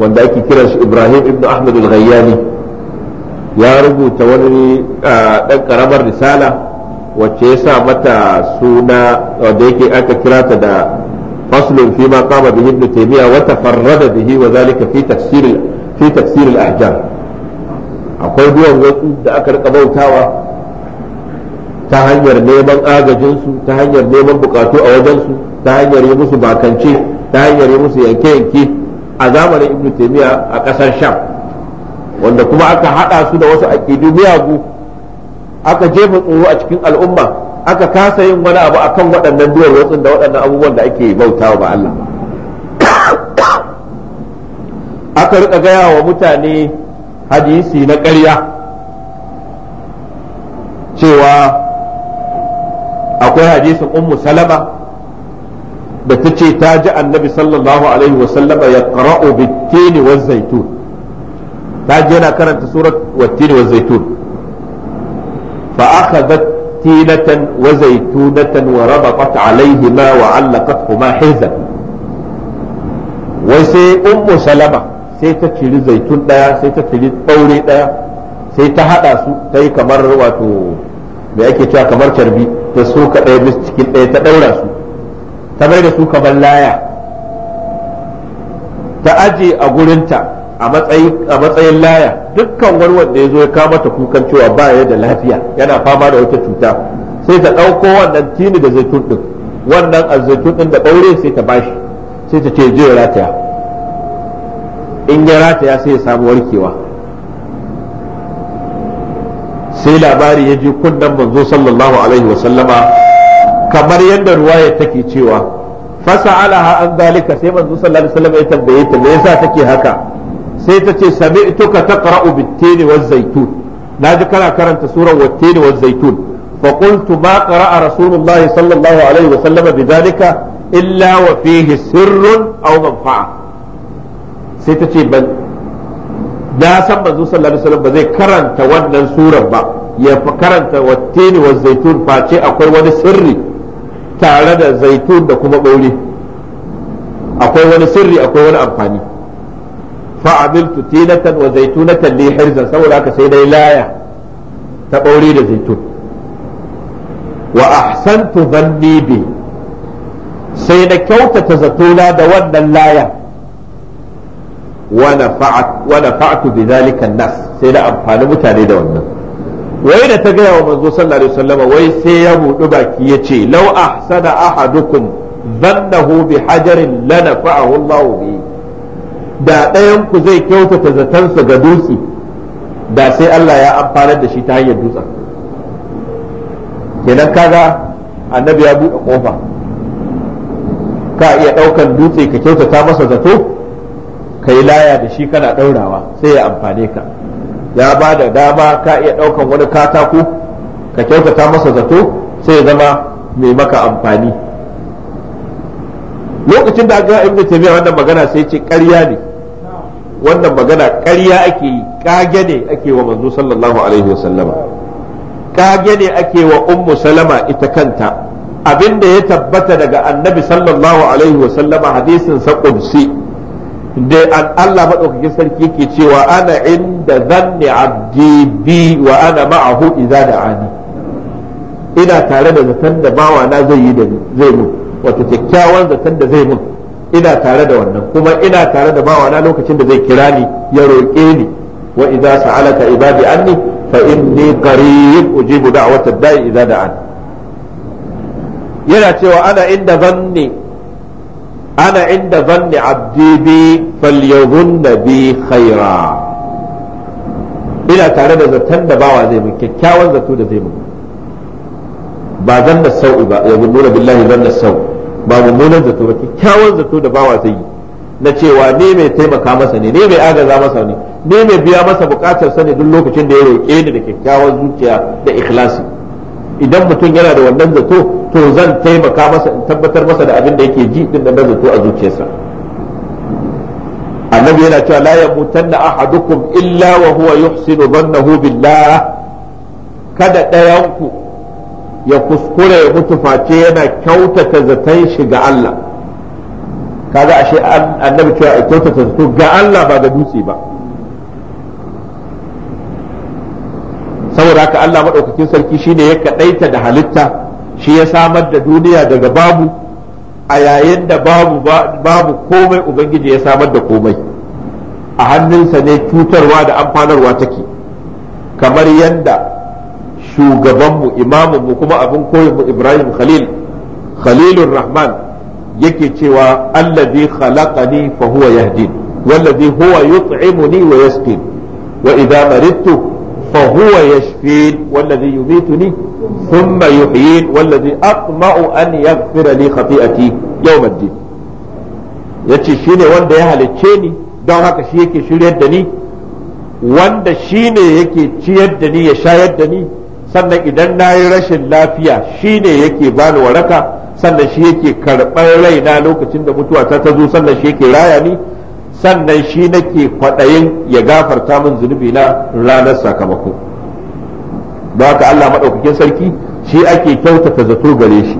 wanda ake kiran shi ibrahim ibn ahmad al-ghayyani ya rubuta wani ɗan karamar risala wacce ya sa mata suna wanda yake aka kira ta da faslun fi ma qama bihi ibn taymiya wa tafarrada bihi wa zalika fi tafsir fi tafsir al akwai duwan wasu da aka rika bautawa ta hanyar neman agajinsu ta hanyar neman bukatu a wajensu ta hanyar yi musu bakanci, ta hanyar yi musu yanke-yanke a zamanin ibn taymiya a ƙasar sham wanda kuma aka haɗa su da wasu aƙidu miyagu aka jefa tsoro a cikin al'umma aka kasa yin wani abu akan waɗannan duwar wasu da waɗannan abubuwan da ake bautawa ba Allah aka rika gaya wa mutane hadisi na ƙarya cewa akwai hadisin ummu salama da ta ce ta ji annabi sallallahu alaihi wasallama ya ƙara'u bittini wa zaitun ta ji yana karanta surat wattini wa zaitun fa akhadhat tinatan wa zaitunatan wa rabatat alaihima wa kuma hizan wai sai ummu salama sai ta ciri zaitun ɗaya sai ta ciri ɓaure ɗaya sai ta haɗa su ta yi kamar wato me ake cewa kamar carbi ta soka ɗaya bis cikin ɗaya ta ɗaura su ta mai da su kamar laya ta aje a gurinta a matsayin laya dukkan wani wanda ya zo ya kama ta kukan cewa ba ya da lafiya yana fama da wata cuta sai ta ɗauko wannan tini da zaitun ɗin wannan a zaitun ɗin da ɓaure sai ta bashi sai ta ce je rataya in ya ya sai ya samu warkewa sai labari ya ji kunnen manzo sallallahu alaihi wa sallama kamar yadda ruwaya take cewa fasa'alaha an zalika sai manzo sallallahu alaihi wa ya tambaye ta me yasa take haka sai ta ce sami'tuka taqra'u bit-tini waz-zaytun naji kana karanta surar wat-tini waz-zaytun fa qultu ma qara'a rasulullahi sallallahu alaihi wa bidhalika illa wa fihi sirrun aw manfa'a sai ta ce ya san manzo sallallahu alaihi wasallam ba zai karanta wannan surar ba ya fi karanta wattini wa zaitun face akwai wani sirri tare da zaitun da kuma baure akwai wani sirri akwai wani amfani fa'amiltu tinatan wa zaitunatan li hirzan saboda haka sai dai laya ta baure da zaitun wa ahsantu dhanni bi sai na kyautata zatona da wannan laya wa nafa'tu bi nas sai da amfani mutane da wannan wai da ta gaya wa manzo sallallahu alaihi wasallam wai sai ya budu baki yace law ahsana ahadukum dhannahu bi hajarin la nafa'ahu Allah bi da ɗayan ku zai kyautata zatansa ga dutse da sai Allah ya amfanar da shi ta hanyar dutsen kenan kaga annabi ya buɗe kofa ka iya ɗaukan dutse ka kyautata masa zato kai laya da shi kana ɗaurawa sai ya amfane ka ya ba da dama ka iya ɗaukan wani katako ka kyautata masa zato sai ya zama mai maka amfani lokacin da aka ta taymiya wannan magana sai ce ƙarya ne wannan magana ƙarya ake yi kage ne ake wa manzo sallallahu alaihi wa sallama kage ne ake wa ummu salama ita kanta abinda ya tabbata daga annabi sallallahu alaihi wa sallama hadisin sa qudsi da Allah maɗaukakin sarki yake cewa ana inda zanni abdi bi wa ana ma'ahu ina tare da zaton da bawa na zai yi da zai kyakkyawan zaton da zai mun ina tare da wannan kuma ina tare da bawa na lokacin da zai kira ni ya roƙe ni wa sa'alaka ibadi anni fa inni qarib ujibu da'watad da'i da'an yana cewa ana inda zanni ana inda zanni abdi bi falyahunna bi khaira ina tare da zaton da bawa zai min kyakkyawan zato da zai min ba zanna sau'i ba ya gunnuna billahi zanna sau ba mummunan zato ba kyakkyawan zato da bawa zai yi na cewa ne mai taimaka masa ne ne mai agaza masa ne ne mai biya masa bukatar sa duk lokacin da ya roƙe ni da kyakkyawan zuciya da ikhlasi idan mutum yana da wannan zato to zan taimaka masa in tabbatar masa da abin da yake ji din da zato a zuciyarsa annabi yana cewa la yamutanna ahadukum illa wa huwa yuhsinu dhannahu billah kada ɗayan ku ya kuskure ya mutu face yana kyautata zaton shi ga Allah kaga ashe annabi cewa kyautata zato ga Allah ba ga dutse ba saboda haka Allah madaukakin sarki shine ya kadaita da halitta shi ya samar da duniya daga babu a yayin da babu babu komai ubangiji ya samar da komai a hannunsa ne cutarwa da amfanarwa take kamar yadda shugabanmu imaminmu kuma abin koyinmu ibrahim khalil khalilur rahman yake cewa allazi khalaqani fa huwa yahdin wallazi huwa yut'imuni wa yasqin wa idza maridtu فهو يشفين والذي يميتني ثم يحيين والذي أطمع أن يغفر لي خطيئتي يوم الدين yace ne wanda ya halicce ni don haka shi yake shiryar da ni wanda shine yake ciyar da ni ya shayar da ni sannan idan na yi rashin lafiya ne yake bani waraka sannan shi yake karɓar raina lokacin da mutuwa ta zo sannan shi yake raya ni sannan shi nake kwaɗayin ya gafarta min zunubi na ranar sakamako ba ka Allah maɗaukakin sarki shi ake kyautata zato gare shi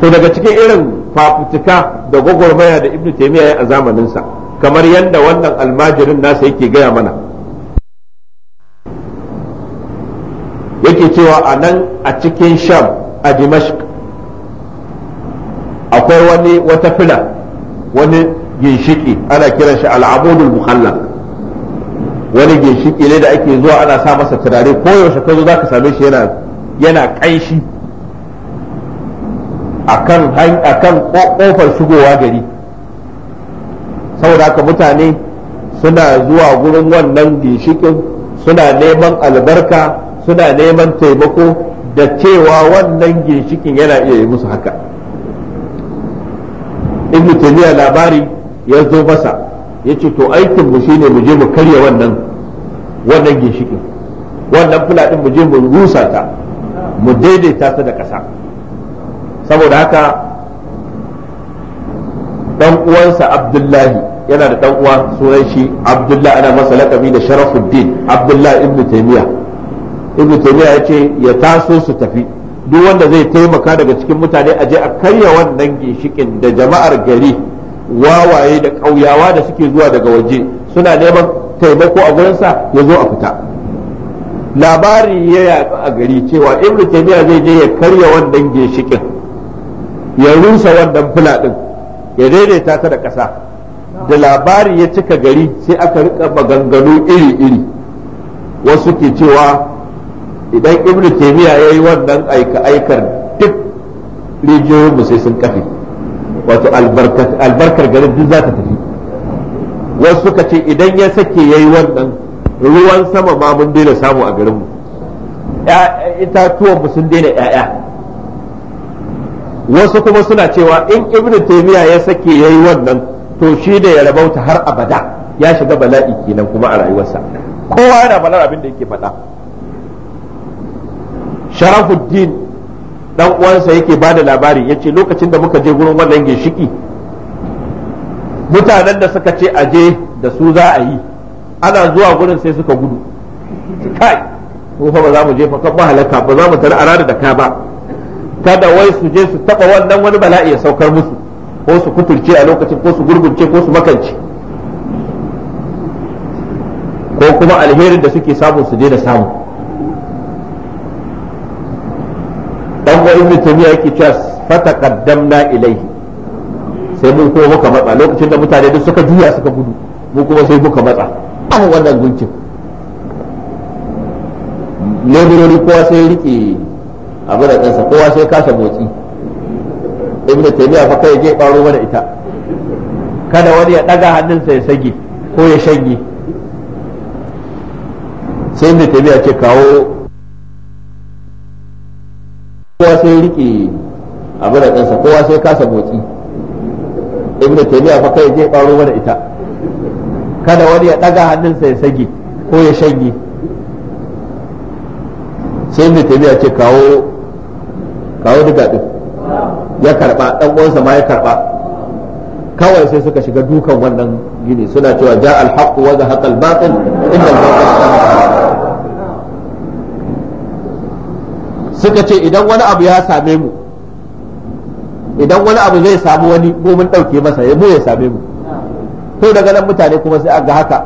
to daga cikin irin fafutuka da gwagwarmaya da ibnu taimiyya ya a zamaninsa kamar yadda wannan almajirin nasa yake gaya mana yake cewa a nan a cikin sham a dimashq akwai wani wata fila wani ginshiki ana kiran shi al'amudul mukhallal wani ginshiki ne da ake zuwa ana sa masa turare ko yaushe ka zo ka same shi yana yana kanshi akan akan kofar shigowa gari saboda haka mutane suna zuwa gurin wannan ginshikin suna neman albarka suna neman taimako da cewa wannan ginshikin yana iya yi musu haka ibn taymiya labari ya zo masa ya ce to aikin mu shine mu je mu karya wannan wannan ginshikin wannan fulaɗin mu je mu rusa ta mu daidaita ta da ƙasa saboda haka dan uwansa abdullahi yana da dan uwa sunan shi abdullahi ana masa lakabi da sharafuddin abdullahi ibnu taymiya ibnu taymiya yace ya taso su tafi duk wanda zai taimaka daga cikin mutane a je a karya wannan ginshikin da jama'ar gari wawaye da ƙauyawa da suke zuwa daga waje suna neman taimako a gurinsa ya zo a fita labari ya yaɗu a gari cewa ibnu taymiya zai je ya karya wannan ginshikin ya rusa wannan fula din ya daidaita ta da ƙasa da labari ya cika gari sai aka rika maganganu iri-iri wasu ke cewa idan ibnu taymiya ya wannan aika-aikar duk rijiyoyinmu sai sun kafe wato albarkar garin duk za ta tafi wasu suka ce idan ya sake ya yi wannan ruwan sama ma mun daina samu a garinmu itatuwan mu sun daina 'ya'ya wasu kuma suna cewa in ibn taymiya ya sake ya yi wannan to shi da ya rabauta har abada ya shiga bala'i kenan kuma a rayuwarsa kowa yana balar abin da yake faɗa sharafuddin dan uwansa yake ba da labari ya ce lokacin da muka je gurin wannan ginshiki mutanen da suka ce aje da su za a yi ana zuwa gurin sai suka gudu kai mu fa ba za mu je fa kan halaka ba za mu tare arada da ka ba kada wai su je su taba wannan wani bala'i ya saukar musu ko su kuturce a lokacin ko su gurgunce ko su makance ko kuma alherin da suke samu su je da samu dan wa ibnu tamiya yake cewa taqaddamna ilaihi sai mun ko muka matsa lokacin da mutane duk suka juya suka gudu mu kuma sai muka matsa amma wannan gunkin leburori kowa sai rike abin da kansa kowa sai kasa motsi ibnu tamiya fa kai je baro mana ita kada wani ya daga hannunsa ya sage ko ya shanye sai ibnu taymiya ce kawo kowa sai rike abu da kansa kowa sai kasa motsi ibnu taymiya fa kai je baro mana ita kada wani ya daga hannunsa ya sage ko ya shanye sai ibnu taymiya ce kawo kawo duka din ya karba ɗan uwansa ma ya karba kawai sai suka shiga dukan wannan gini suna cewa ja al-haqqu wa zahaqa al-batil inna al-batil suka ce idan wani abu ya same mu idan wani abu zai samu wani mu mun ɗauke masa ya mu ya same mu to daga nan mutane kuma sai aga haka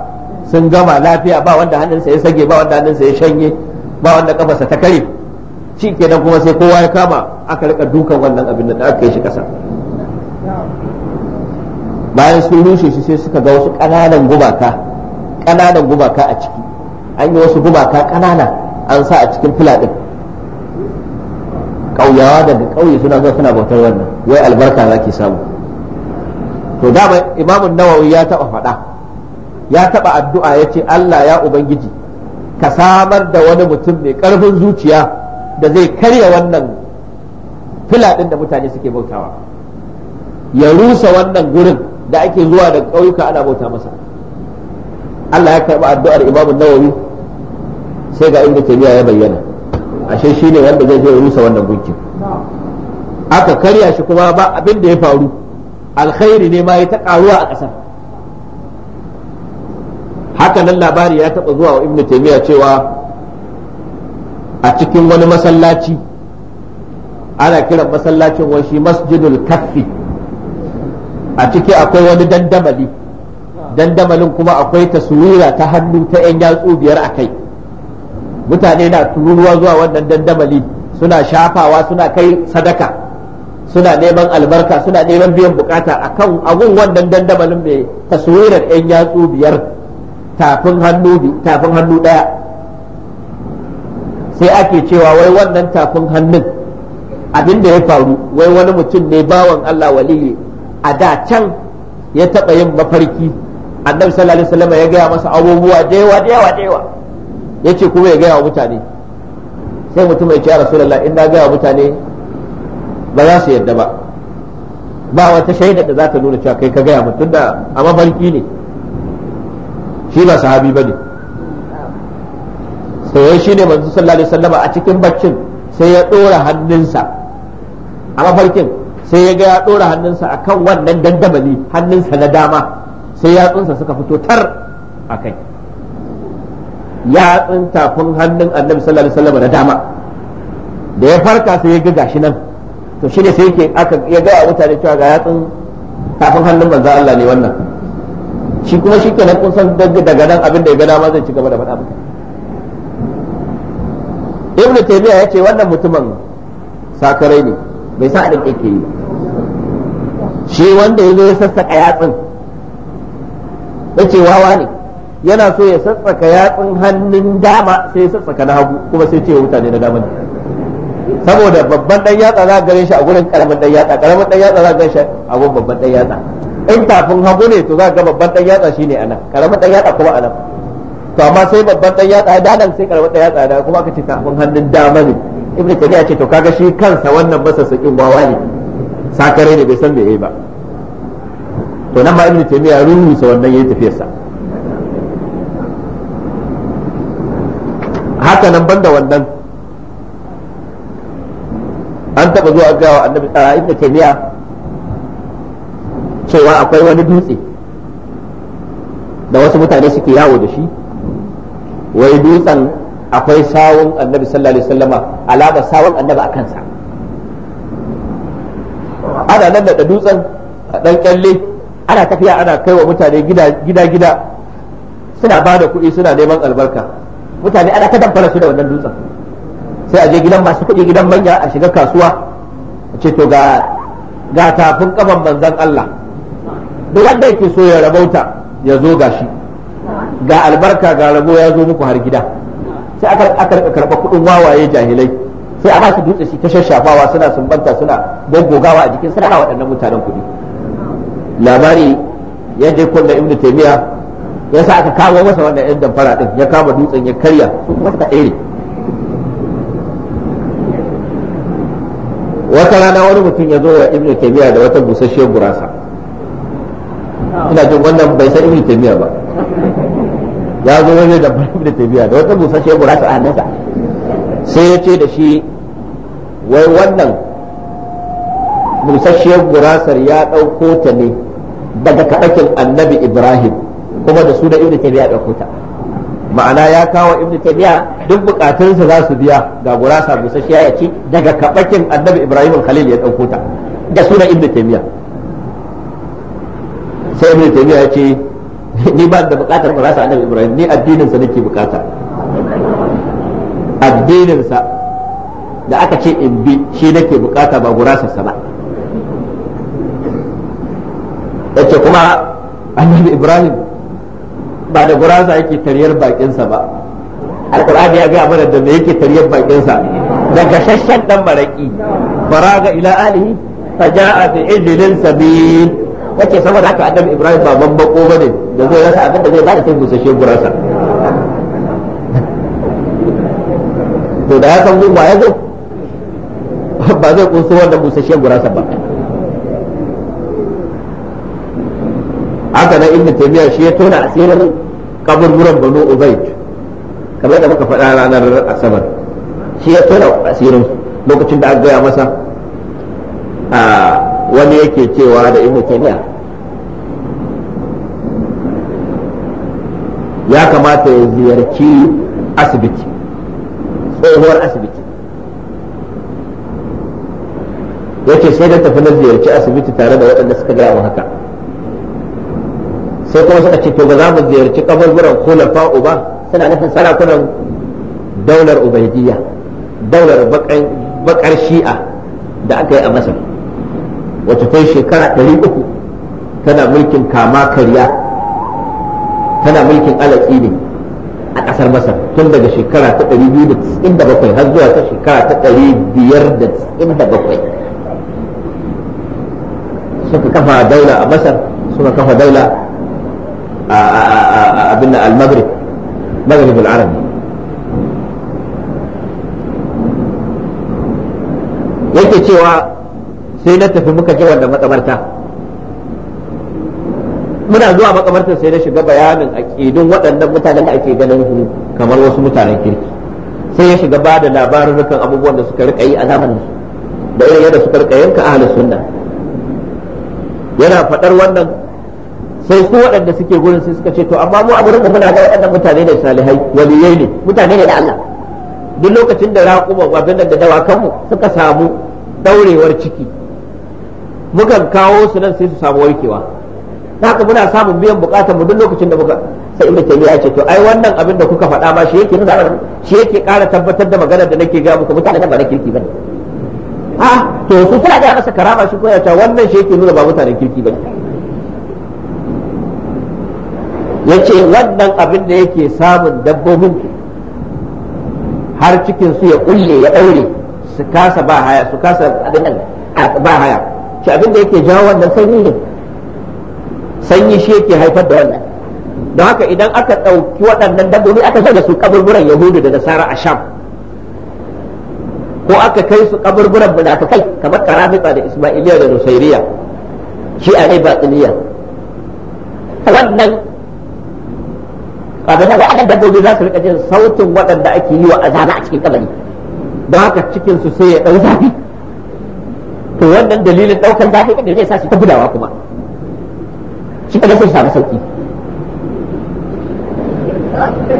sun gama lafiya ba wanda hannunsa ya sage ba wanda hannunsa ya shanye ba wanda kafarsa ta kare shi kenan kuma sai kowa ya kama aka rika dukan wannan abin da aka yi shi kasa bayan sun rushe shi sai suka ga wasu ƙananan gubaka ƙananan gubaka a ciki an yi wasu gubaka ƙanana an sa a cikin fila ɗin ƙauyawa daga ƙauye suna zuwa suna bautar wannan wai albarka za ki samu to dama imamun nawawi ya taɓa faɗa ya taɓa addu'a ya ce Allah ya ubangiji ka samar da wani mutum mai ƙarfin zuciya da zai karya wannan filaɗin da mutane suke bautawa ya rusa wannan gurin da ake zuwa da ƙauyuka ana bauta masa Allah ya karɓi addu'ar imamun nawawi sai ga inda tabiya ya bayyana ashe shine wanda zai je rusa wannan gunkin aka karya shi kuma ba abin da ya faru alkhairi ne ma ya ta karuwa a ƙasar haka nan labari ya taɓa zuwa wa ibnu taymiya cewa a cikin wani masallaci ana kiran masallacin washi shi masjidul kaffi a ciki akwai wani dandamali dandamalin kuma akwai taswira ta hannu ta 'yan yatsu biyar a kai mutane na tururuwa zuwa wannan dandamali suna shafawa suna kai sadaka suna neman albarka suna neman biyan bukata kan agun wannan dandamalin mai taswirar yan yatsu biyar tafin hannu tafin hannu daya sai ake cewa wai wannan tafin hannun abin da ya faru wai wani mutum ne bawan Allah waliyi a da can ya taɓa yin mafarki annabi sallallahu alaihi wasallam ya gaya masa abubuwa da yawa da yawa da yawa yace kuma ya gaya wa mutane sai mutum ya ce ya rasulullah in na gaya wa mutane ba za su yadda ba ba wata shaida da za ta nuna cewa kai ka gaya mutum da a mafarki ne shi ba sahabi ba ne sai shi ne manzo sallallahu alaihi wasallama a cikin baccin sai ya ɗora hannunsa a mafarkin sai ya ga ya hannunsa hannunsa kan wannan dandamali hannunsa na dama sai yatsunsa suka fito tar a kai yatsun tafin hannun annabi sallallahu alaihi wasallam na dama da ya farka sai ya ga gashi nan to shi ne sai yake aka ya ga mutane cewa ga yatsun tafin hannun manzo Allah ne wannan shi kuma shi kenan kun san daga nan abin da ya ga dama zai ci gaba da faɗa maka ibn taymiya ya ce wannan mutumin sakarai ne bai sa adin yake yi shi wanda ya zo ya sassaka yatsun yace wawa ne yana so ya sassaka yatsun hannun dama sai ya sassaka na hagu kuma sai ce mutane na dama ne saboda babban dan yatsa za a gare shi a gurin karamin dan yatsa karamin dan yatsa za gare shi a gurin babban dan yatsa in tafin hagu ne to za ga babban dan yatsa shine anan karamin dan yatsa kuma anan to amma sai babban dan yatsa ya dalan sai karamin dan yatsa da kuma aka ce tafin hannun dama ne ibnu ya ce to kaga shi kansa wannan masassakin wawa ne sakare ne bai san me yayi ba to nan ma ibnu taymiya ruhu sa wannan yayi tafiyarsa haka nan banda wannan an taba zuwa ga annabi ibnu taymiya cewa akwai wani dutse da wasu mutane suke yawo da shi wai dutsen akwai sawun annabi sallallahu alaihi wasallama alama sawun annabi a kansa ana nan da dutsen a dan kyalle ana tafiya ana kai wa mutane gida gida suna ba da kuɗi suna neman albarka mutane ana ta damfara su da wannan dutsen sai a je gidan masu kuɗi gidan manya a shiga kasuwa a ce to ga tafin kafan manzan Allah duk wanda yake so ya rabauta ya zo ga shi ga albarka ga rabo ya zo muku har gida sai aka aka karɓa kuɗin wawaye jahilai sai a ba su dutse shi ta shashafawa suna sumbanta suna goggogawa a jikin sana'a waɗannan mutanen kuɗi labari ya je kunna ibnu taymiya ya sa aka kawo masa wannan yan damfara din ya kama dutsen ya karya wata ɗaya wata rana wani mutum ya zo wa ibnu taymiya da wata busasshiyar gurasa ina jin wannan bai san ibnu taymiya ba ya zo wani da ibnu taymiya da wata busasshiyar gurasa a nasa sai ya ce da shi wai wannan busasshiyar gurasar ya ɗauko ta ne daga kaɗakin annabi ibrahim kuma da su da ibnu tabiya da kuta ma'ana ya kawo ibnu tabiya duk sa za su biya ga gurasa busasshiya ya ci daga kabakin annabi ibrahim khalil ya dauko ta da su da ibnu tabiya sai ibnu tabiya ya ce ni ba da bukatar gurasa annabi ibrahim ni addinin sa nake bukata addinin sa da aka ce in bi shi nake bukata ba gurasa sa ba yace kuma annabi ibrahim ba da gurasa yake tariyar bakinsa ba alkur'ani ya gaya mana da me yake tariyar bakinsa daga shashen dan fara ga ila alihi faja'a bi ijlin sabil wace saboda haka adam ibrahim ba babban bako bane da zai rasa abin da zai bada sai busasshe gurasa to da ya san ba ya zo ba zai kunso wanda busasshe gurasa ba ibn taymiya shi ya tona asirin kaburburan banu ubayd kamar da muka faɗa ranar asabar shi ya tona asirin lokacin da aka gaya masa wani yake cewa da ibn taymiya ya kamata ya ziyarci asibiti tsohuwar asibiti yace sai da tafi na ziyarci asibiti tare da waɗanda suka gaya mu haka sai kuma suka ce to ba za mu ziyarci kaburburan khulafa'u ba suna nufin sarakunan daular ubaidiyya daular bakar shi'a da aka yi a masar wacce kai shekara 300 tana mulkin kama karya tana mulkin alatsi ne a ƙasar masar tun daga shekara ta 297 har zuwa ta shekara ta 597 suka kafa daula a masar suka kafa daula abin al-maghrib maghrib al-arabi yake cewa sai na tafi muka ji wanda matsamarta muna zuwa makabartar sai na shiga bayanin aƙidun waɗannan mutanen da ake ganin su kamar wasu mutanen kirki sai ya shiga ba da labarin rukan abubuwan da suka rika yi a zamanin su da irin yadda suka rika yanka ahlus sunna yana faɗar wannan sai su waɗanda suke gurin sai suka ce to amma mu a gurin da muna ga waɗannan mutane ne salihai waliyai ne mutane ne da Allah duk lokacin da raƙuma abin da dawa kanmu suka samu daurewar ciki mukan kawo su nan sai su samu warkewa haka muna samun biyan bukatar mu duk lokacin da muka sai ibnu taymiya ce to ai wannan abin da kuka faɗa ma shi yake nuna shi yake ƙara tabbatar da maganar da nake ga muku mutane ba na kirki bane a ah, to su suna ga masa karama shi ko ya ce wannan shi yake nuna ba mutanen kirki bane yace wannan abin da yake samun dabbobin ki har cikin su ya kulle ya daure su kasa ba haya su kasa abin abinan ba haya shi abin da yake jawo wannan sanyi ne sanyi shi yake haifar da wannan don haka idan aka ɗauki waɗannan dabbobi aka shiga su kaburburan yahudu da nasara a sham ko aka kai su kaburburan munafikai kamar karafita da ismailiya da nusairiya shi a rai batiniya wannan kafin haka da dabbobi za su rika jin sautin waɗanda ake yi wa azaba a cikin kabari ba haka cikin su sai ya ɗau zafi to wannan dalilin ɗaukar zafi kada zai sa shi ta gudawa kuma shi kada sai samu sauki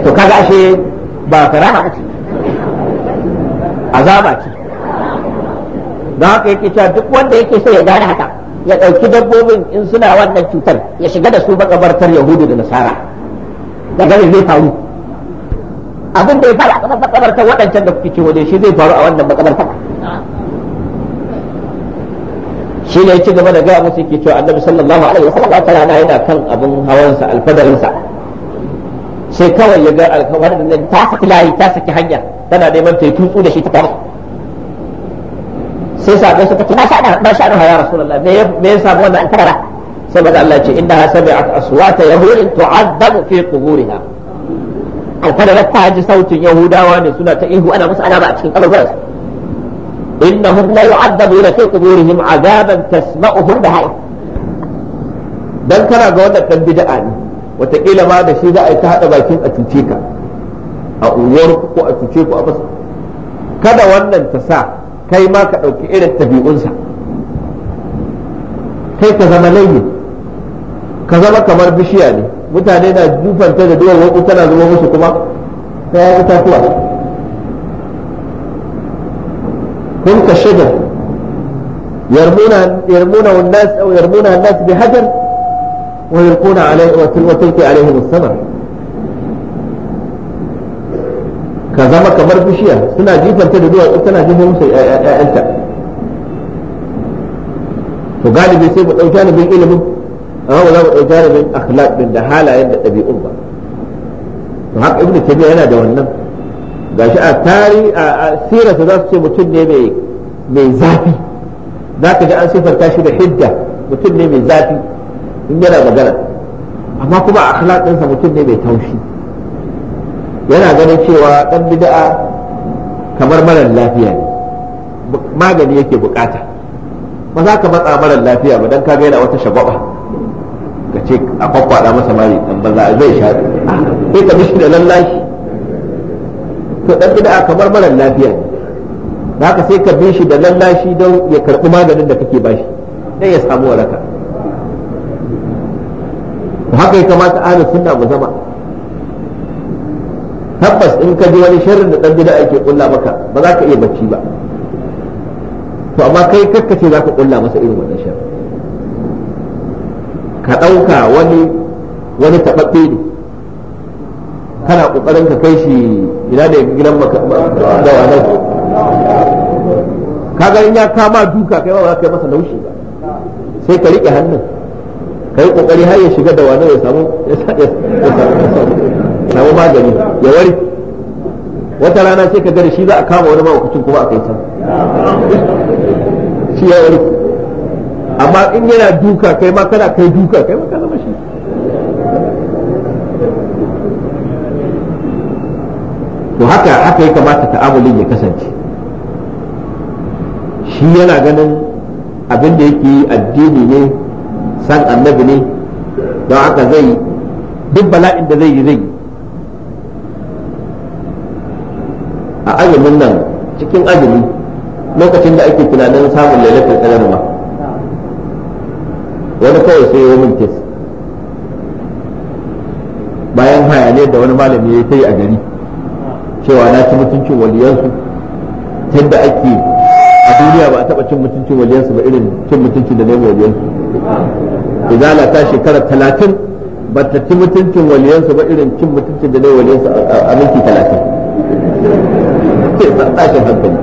to kaga ashe ba faraha ce azaba ce ba haka yake cewa duk wanda yake so ya gane haka ya ɗauki dabbobin in suna wannan cutar ya shiga da su makabartar yahudu da nasara da yin zai faru abin da ya faru a kasar ta waɗancan da kuke cewa shi zai faru a wannan ta shi ne ci gaba da gaya musu yake cewa annabi sallallahu alaihi wa sallam, wata rana yana kan abin hawansa alfadarinsa sai kawai ya ga alkawarin nan ta saki layi ta saki hanya tana neman ta yi tutsu da shi ta kama sai sabon suka ce na sha'anar ya rasulullah me ya samu wannan an karara saboda Allah ce inda inna sami'at aswata yahudin tu'azzabu fi quburiha da ta ji sautin yahudawa ne suna ta ihu ana musu ana a cikin kabarbaras innahum la yu'azzabuna fi quburihim azaban tasma'uhum bahaya dan kana ga wannan dan bid'a ne wataƙila ma da shi za a yi ta haɗa bakin a cuce ka a unguwar ko a cuce ku a fasa kada wannan ta sa kai ma ka ɗauki irin tabi'unsa kai ka zama laifin ka zama kamar bishiya ne mutane na jufanta da duwar waku tana zuba musu kuma ta yi itatuwa kun ka shigar yarmuna nas au yarmuna nas bi hajar wa yulquna alaihi wa tulqi alaihim as-samar ka zama kamar bishiya suna jifanta da duwatsu tana jifan musu ‘ya'yanta to galibi sai mu ɗauki nufin ilimin amma ba za mu ɗau jarumin akhlaq din da halayen da ɗabi'un ba to haka ibn tabiya yana da wannan gashi a tari a sirarsa za su ce mutum ne mai zafi za ka ji an sifarta shi da hidda mutum ne mai zafi in yana magana amma kuma a akhlaqinsa mutum ne mai taushi yana ganin cewa dan bida'a kamar marar lafiya ne magani yake bukata ba za ka matsa marar lafiya ba dan ka ga yana wata shagwaba ka ce a kwakwada masa mari dan ba za zai sha sai ka mishi da lallashi to dan bid'a kamar marar lafiya da haka sai ka bishi da lallashi don ya karbi maganin da kake bashi dan ya samu waraka haka ya kamata ahlus sunna mu zama tabbas in ka ji wani sharrin da dan bid'a yake kulla maka ba za ka iya bacci ba to amma kai kakkace za ka kulla masa irin wannan sharrin ka ɗauka wani wani taɓaɓɓe ne kana ƙoƙarin ka kai shi ina da gidan maka nan ka ganin ya kama duka kai ba za ka yi masa laushi ba sai ka riƙe hannun ka yi ƙoƙari har ya shiga da wani ya samu samu magani ya wari wata rana sai ka gani shi za a kama wani ma'aikacin kuma a kai can shi ya wari amma in yana duka kai ma kana kai duka kai ma kana mashi to haka haka ya kamata ta'amulin ya kasance shi yana ganin abin da yake addini ne san annabi ne don haka zai duk bala'in da zai yi zai a azumin nan cikin azumi lokacin da ake tunanin samun lalatar ƙararwa wani kawai sai yi min kes bayan hayaniyar da wani malami ya yi a gari cewa na ci mutuncin waliyansu tun da ake a duniya ba a taɓa cin mutuncin waliyansu ba irin cin mutuncin da nemo waliyansu izala ta shekara talatin ba ta ci mutuncin waliyansu ba irin cin mutuncin da nemo waliyansu a minti talatin sai hankali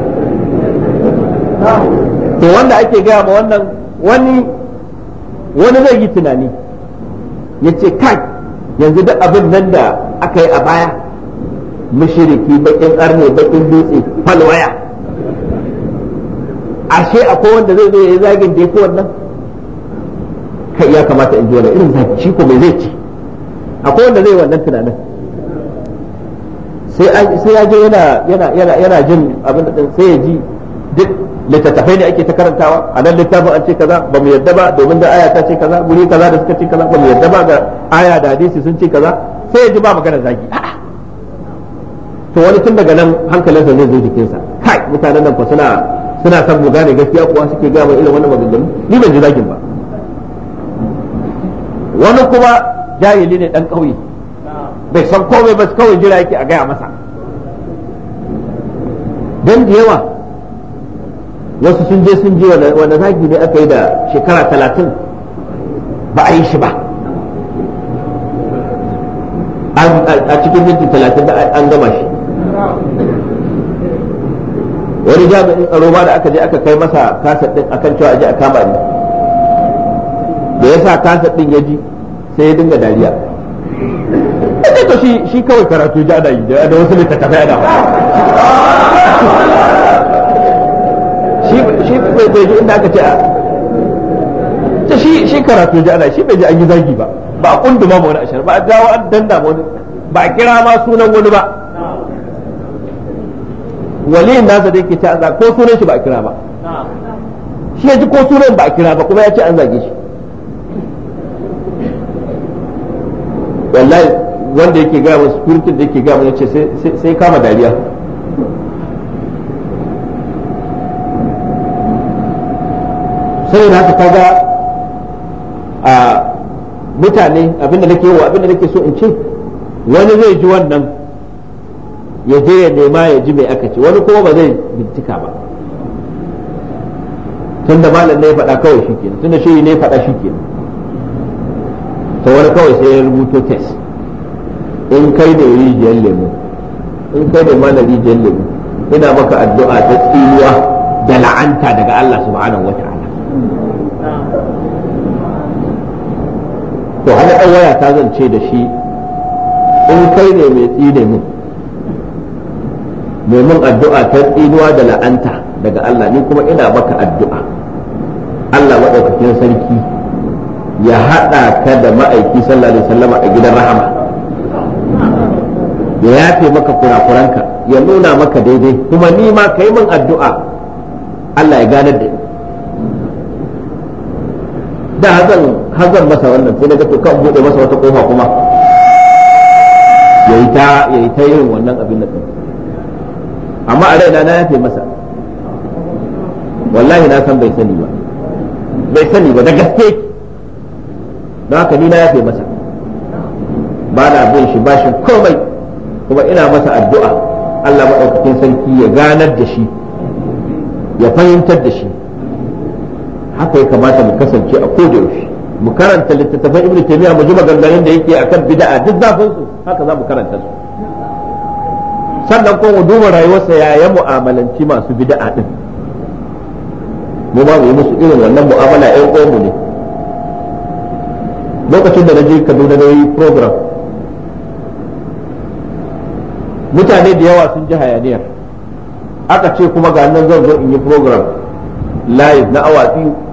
to wanda ake gaya ma wannan wani wani zai yi tunani ya ce kai yanzu duk abin nan da aka yi a baya mushiriki bakin karni bakin dutse falwaya ashe akwai wanda zai zo ya zagin da ya fi wannan kai ya kamata in ji wani irin zaki ko mai zai ci akwai wanda zai wannan tunanin sai ya je yana jin abin da sai ya ji duk littattafai ne ake ta karantawa a nan littafin an ce kaza ba mu yadda ba domin da aya ta ce kaza guri kaza da suka ce kaza ba mu yadda ba ga aya da hadisi sun ce kaza sai ya ji ba magana zagi to wani tun daga nan hankalinsa zai zo sa kai mutanen nan ko suna suna san mu gane gaskiya kuwa suke gaba irin wannan maganganu ni ban ji zagin ba wani kuma jahili ne dan kauye bai san komai ba kawai jira yake a gaya masa dan da yawa wasu sun je sun je wanda zagi ne aka yi da shekara talatin ba a yi shi ba a cikin minti talatin da an gama shi wani jami'in tsaro ba da aka je aka kai masa kasar din akan cewa aje a kama ne da ya sa kasar din ya ji sai ya dinga dariya to shi kawai karatu ja da yi da wasu littattafai da kwaikwayo shi inda aka ce a ta shi shi karatu ji ana shi bai ji an yi zagi ba ba a kunduma ma wani ashirin ba a dawo an danna wani ba a kira ma sunan wani ba waliyin nasa da yake ce an zagi ko sunan shi ba a kira ba shi ya ji ko sunan ba a kira ba kuma ya ce an zage shi wallahi wanda yake gaya wa spiritin da yake gaya mana ce sai kama dariya na ka kaga a mutane abinda nake wa abinda nake so in ce wani zai ji wannan ya je ya nema ya ji mai aka ce wani kuma ba zai bincika ba tun da malam ne ya faɗa kawai shi kenan da shi ne ya faɗa shi kenan to wani kawai sai ya rubuto test in kai da rijiyar lemu in kai da malam rijiyar lemu ina maka addu'a ta tsiruwa da la'anta daga Allah subhanahu wa to hana ɗan waya ta zance da shi in kai ne mai tsine min mai mun addu'a ta tsinuwa da la'anta daga Allah ni kuma ina baka addu'a Allah maɗaukakin sarki ya haɗa ka da ma'aiki sallallahu alaihi wasallama a gidan rahama ya yafe maka kurakuranka ya nuna maka daidai kuma ni ma kai min addu'a Allah ya ganar da ni da hazan hazan masa wannan sai daga to kan bude masa wata kofa kuma yayi ta yayi ta irin wannan abin nan amma a raina na yafe masa wallahi na san bai sani ba bai sani ba da gaske don haka ni na yafe masa ba na bin shi bashin komai kuma ina masa addu'a Allah maɗaukakin sarki ya ganar da shi ya fahimtar da shi haka ya kamata mu kasance a koda yaushe mu karanta littattafan ibnu taymiya mu ji maganganun da yake akan bid'a duk zafin su haka za mu karanta su sannan kuma mu duba rayuwarsa ya ya mu'amalanci masu bid'a din mu ba mu yi musu irin wannan mu'amala ɗan uwan mu ne lokacin da na je Kaduna da yi program mutane da yawa sun ji hayaniya aka ce kuma ga nan zan zo in yi program live na awa biyu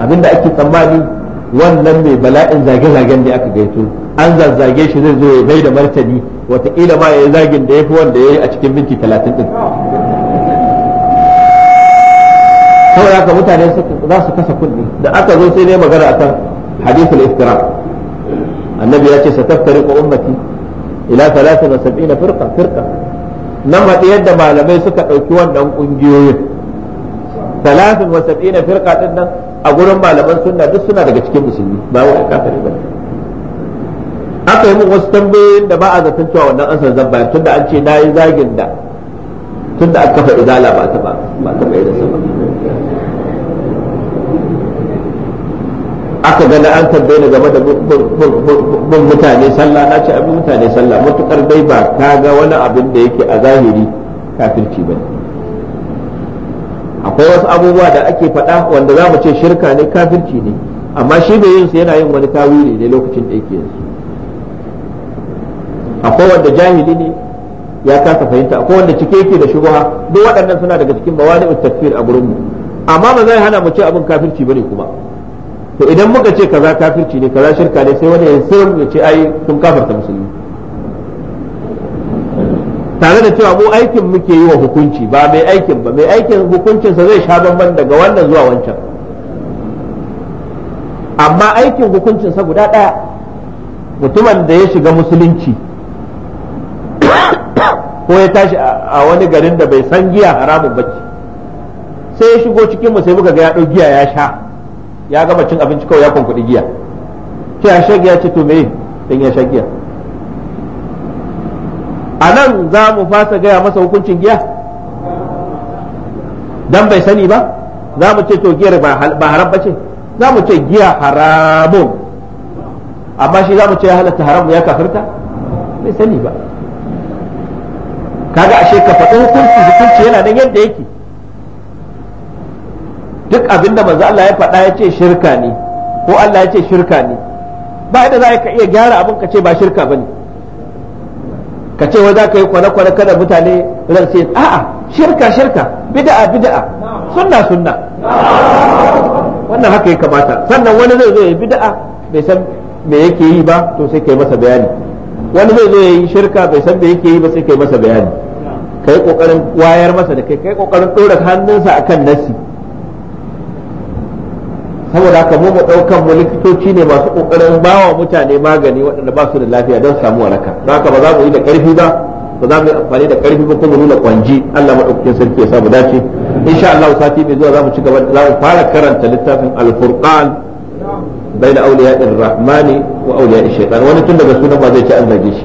abinda ake tsammani wannan mai bala'in zage-zagen da aka gaito an zazzage shi zai zo ya bai da martani wataƙila ma ya yi zagin da ya fi wanda ya yi a cikin minti talatin ɗin saboda haka mutane za su kasa kuɗi da aka zo sai ne magana akan hadithul iftira annabi ya ce ko ummati ila talatin na firqa firqa nan ma yadda malamai suka ɗauki wannan ƙungiyoyin 73 firqa ɗin nan a gurin malaman sunna duk suna daga cikin musulmi ba wai kafiri ba aka yi min wasu tambayoyin da ba a zaton cewa wannan an san zan bayar tunda an ce nayi zagin da tunda aka kafa izala ba ta ba ba ta bai da sama aka gani an tambaye ni game da bin mutane sallah na ce abin mutane sallah matukar dai ba ka ga wani abin da yake a zahiri kafirci bane akwai wasu abubuwa da ake faɗa wanda za mu ce shirka ne kafirci ne amma shi bai yin su yana yin wani tawili ne lokacin da yake yin su akwai wanda jahili ne ya kasa fahimta akwai wanda cike yake da shubha duk waɗannan suna daga cikin bawani tafsir a gurin mu amma ba zai hana mu ce abin kafirci bane kuma to idan muka ce kaza kafirci ne kaza shirka ne sai wani ya sirri ya ce ai sun kafirta musulmi tare da cewa mu aikin muke yi wa hukunci ba mai aikin ba mai aikin hukuncinsa zai sha bamban daga wannan zuwa wancan amma aikin hukuncinsa guda ɗaya mutumin da ya shiga musulunci ko ya tashi a wani garin da bai san giya haramun bacci sai ya shigo cikin mu sai muka ga ya ɗau giya ya sha ya gama cin abinci kawai ya kunkuɗi giya ce ya shagiya giya ce to me in ya shagiya giya a nan za mu fasa gaya masa hukuncin giya dan bai sani ba za mu ce to giyar ba haram ba ce za mu ce giya haramun amma shi za mu ce ya halatta haramu ya kafirta bai sani ba kaga ashe ka faɗi hukunci hukunci yana nan yadda yake duk abin da manzo Allah ya faɗa ya ce shirka ne ko Allah ya ce shirka ne ba yadda za ka iya gyara abin ka ce ba shirka bane ka ce wai za ka yi kwana kwana kada mutane ran sai a'a shirka shirka bid'a bid'a sunna sunna wannan haka ya kamata sannan wani zai zo ya bid'a bai san me yake yi ba to sai kai masa bayani wani zai zo ya yi shirka bai san me yake yi ba sai kai masa bayani kai kokarin wayar masa da kai kai kokarin dora hannunsa akan nasi saboda haka mu mu daukan mu likitoci ne masu kokarin bawa mutane magani waɗanda ba su da lafiya don samu waraka don haka ba za mu yi da karfi ba ba za mu yi amfani da karfi ba ko mu nuna kwanji Allah madaukakin sarki ya samu dace insha Allah sati mai zuwa za mu ci gaba za mu fara karanta littafin al-furqan baina awliya'ir rahmani wa awliya'ish shaitan wani tun daga sunan ba zai ci an zage shi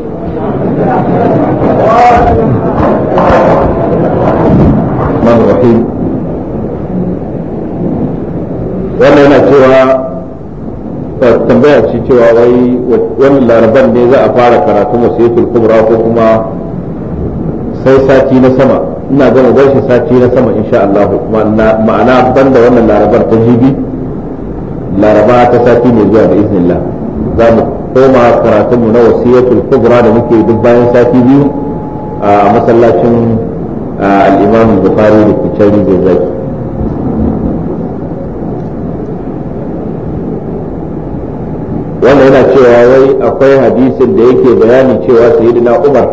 wannan yana cewa tambaya ce cewa wai wani laraban ne za a fara karatu wasiyatul kubra ko kuma sai sati na sama ina gama gashi sati na sama insha Allah ma'ana banda wannan larabar ta jibi laraba ta sati mai zuwa da iznillah za mu koma karatunmu na wasiyatul kubra da muke duk bayan sati biyu a masallacin al-Imam Bukhari da Kicari da Zaki wanda yana cewa wai akwai hadisin da yake bayani cewa sayyidina umar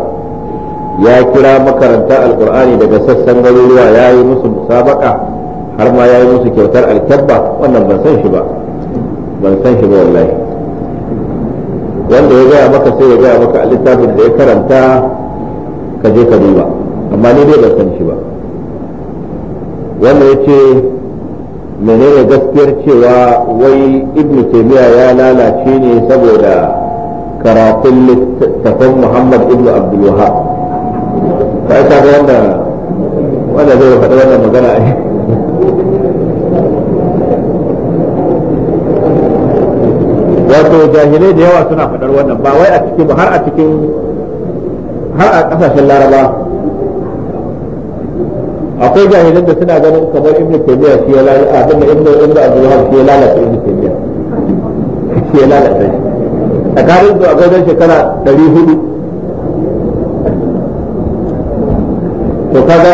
ya kira makaranta alkur'ani daga sassan garuruwa ya yi musu musabaka har ma ya yi musu kyautar alkyabba wannan ban san shi ba ban san shi ba wallahi wanda ya gaya maka sai ya gaya maka a littafin da ya karanta ka je ka duba amma ni dai ban san shi ba wanda ya ce menene gaskiyar cewa wai ibn taymiya ya lalace ne saboda karatun littafin muhammad ibn abdul wahab ka ta ga wanda wanda zai faɗi wannan magana yi. wato jahilai da yawa suna faɗar wannan ba wai a cikin har a cikin har a ƙasashen laraba akwai jahilan da suna ganin kamar ibn taymiya shi ya lalata abin da ibn ibn abdul wahab shi ya lalata ibn taymiya shi ya lalata shi tsakanin su akwai dan shekara 400 to kaga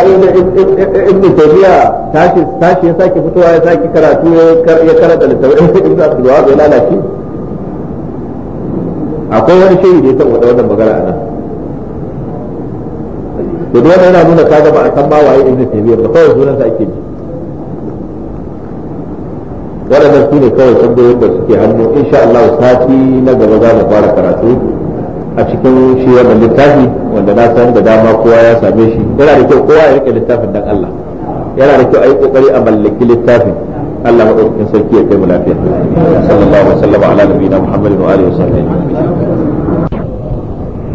ibn taymiya tashi tashi ya sake fitowa ya sake karatu ya karanta littafin ibn abdul wahab ya lalata akwai wani shehi da ya tabbata wannan magana a nan to wannan yana nuna kaga ba a san ba waye ibnu taymiyyah ba kawai sunan sa ake ji waɗannan su ne kawai tambayoyin da suke hannu insha Allah sati na gaba za mu fara karatu a cikin shi wannan littafi wanda na san da dama kowa ya same shi yana da kyau kowa ya rike littafin dan Allah yana da kyau a yi kokari a mallaki littafin Allah madaukakin sarki ya kai mu lafiya sallallahu alaihi wa sallam ala nabiyina muhammadin wa alihi wa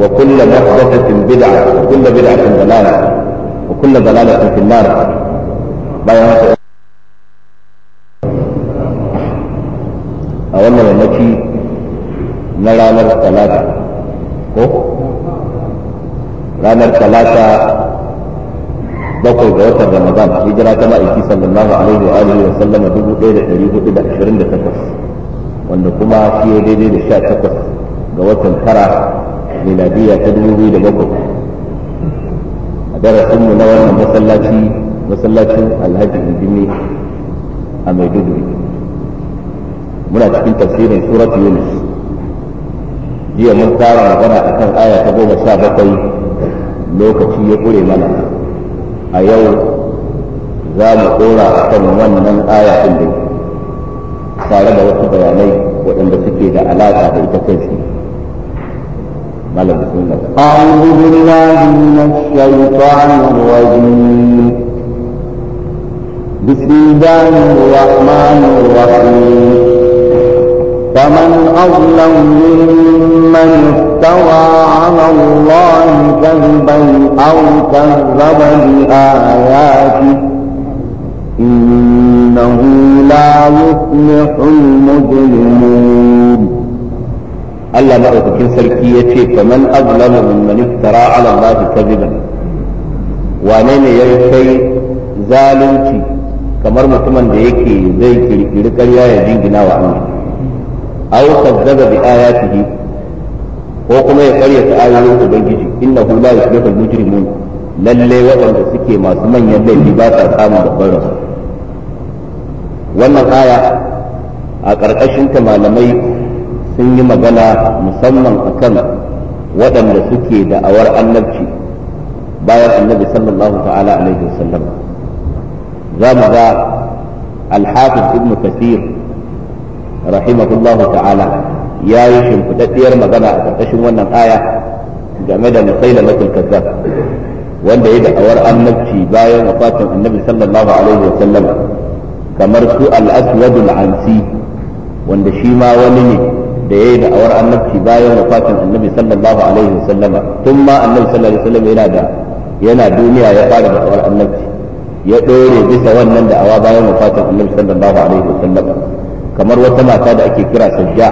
وكل محدثة بدعة وكل بدعة ضلالة وكل ضلالة في النار بايعات a wannan yammaci na ranar talata ko ranar talata bakwai ga watan ramadan hijira ta ma'aiki sallallahu alaihi wa alihi wa sallama dubu ɗaya da ɗari hudu da ashirin da takwas wanda kuma fiye daidai da sha takwas ga watan tara miladiya ta dubu biyu da bakwai a darasin mu na wannan masallaci masallacin alhaji indimi a maiduguri muna cikin tafsirin surat yunus jiya mun fara magana akan aya ta goma sha bakwai lokaci ya ƙure mana a yau za mu ɗora a kan wannan aya ɗin tare da wasu bayanai waɗanda suke da alaƙa da ita kai أعوذ بالله من الشيطان الرجيم بسم الله الرحمن الرحيم فمن أظلم ممن افترى على الله كذبا أو كذب بآياته إنه لا يفلح المجرمون Allah maɗaukakin sarki ya ce kaman azlamu mimman iftara ala Allah kadiban wane ne ya kai zalunci kamar mutumin da yake zai kirkiri ƙarya ya jingina wa Allah aw kadzaba bi ayatihi ko kuma ya ƙaryata ayoyin ubangiji innahu la yuflihu al-mujrimun lalle waɗanda suke masu manyan laifi ba sa samun babbar rasu wannan aya a ƙarƙashinta malamai sun yi magana musamman akan waɗanda suke da'awar annabci bayan annabi sallallahu ta'ala alaihi wasallam za mu ga alhafiz ibn kasir rahimahullahu ta'ala ya yi shimfiɗaɗɗiyar magana a ƙarƙashin wannan aya game da musailamatul kazzab wanda ya da'awar annabci bayan wafatin annabi sallallahu alaihi wasallam kamar su al-aswadul ansi wanda shi ma wani ne da yayi da awar annabci bayan wafatin annabi sallallahu alaihi wasallama tun ma annabi sallallahu alaihi wasallam yana da yana duniya ya fara da awar annabci ya dore bisa wannan da awa bayan wafatin annabi sallallahu alaihi wasallama kamar wata mata da ake kira sajja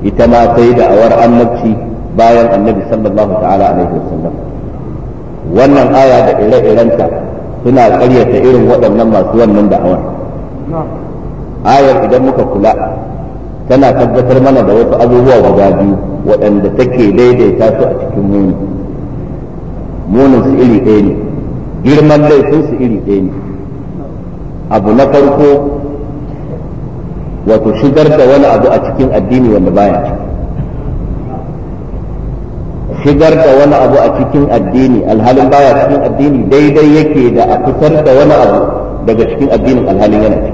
ita ma sai da awar annabci bayan annabi sallallahu ta'ala alaihi wasallam wannan aya da ire-irenta suna ƙaryata irin waɗannan masu wannan da'awar ayar idan muka kula tana tabbatar mana da wasu abubuwa guda biyu waɗanda take daidaita su a cikin muni munin su iri ɗaya ne girman laifin su iri ɗaya ne abu na farko wato shigar da wani abu a cikin addini wanda baya shigar da wani abu a cikin addini alhalin baya cikin addini daidai yake da a fitar da wani abu daga cikin addinin alhalin yana ciki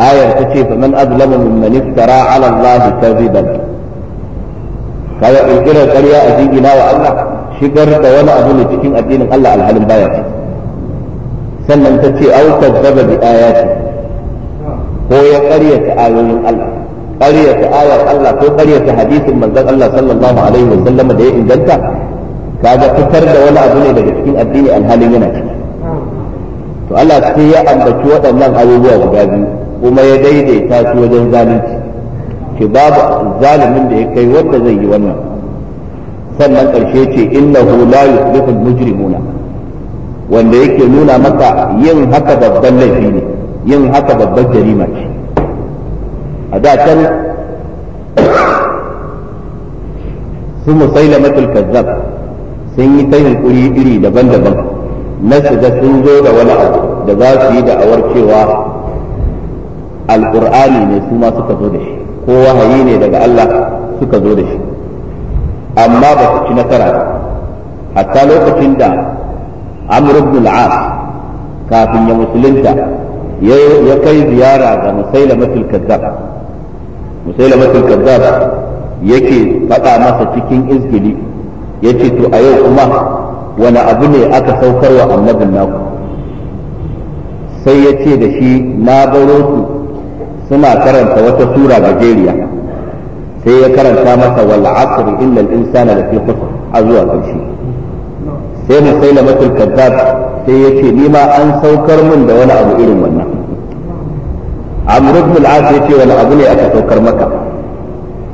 ayar ta ce fa faman azlamu mimman iftara ala Allah kadhiban kaga kirkirar ƙarya a jingina wa Allah shigar da wani abu ne cikin addinin Allah alhalin baya ce sannan ta ce au kadzaba bi ayati ko ya ƙaryata ayoyin Allah ƙaryata ayar Allah ko ƙaryata hadisin manzon Allah sallallahu alaihi wa sallam da ya inganta kaga fitar da wani abu ne daga cikin addini alhalin yana ciki to Allah sai ya ambaci waɗannan abubuwa guda biyu kuma ya daidaita su wajen zalunci ki babu zalimin da ya kai wanda zai yi wannan sannan ƙarshe ce innahu la yusriful mujrimuna wanda yake nuna maka yin haka babban laifi ne yin haka babban jarima ce a da can su musailamatul kazzab sun yi ta yunkuri iri daban-daban na su ga sun zo da wani abu da za su yi da'awar cewa alqur'ani ne su ma suka zo da shi ko wahayi ne daga Allah suka zo da shi amma ba su ci nasara ba hatta lokacin da amr ibn al-as kafin ya musulunta ya kai ziyara ga musailamatul kazzab musailamatul kazzab yake faɗa masa cikin izgili yace to a yau kuma wani abu ne aka saukarwa annabin naku sai ya ce da shi na baro su suna karanta wata sura Najeriya, sai ya karanta masa wal asr innal insana lafi khusr a zuwa ƙarshe sai musailamatul kazzab sai yace ni ma an saukar mun da wani abu irin wannan amr ibn al-as yace wani abu ne aka saukar maka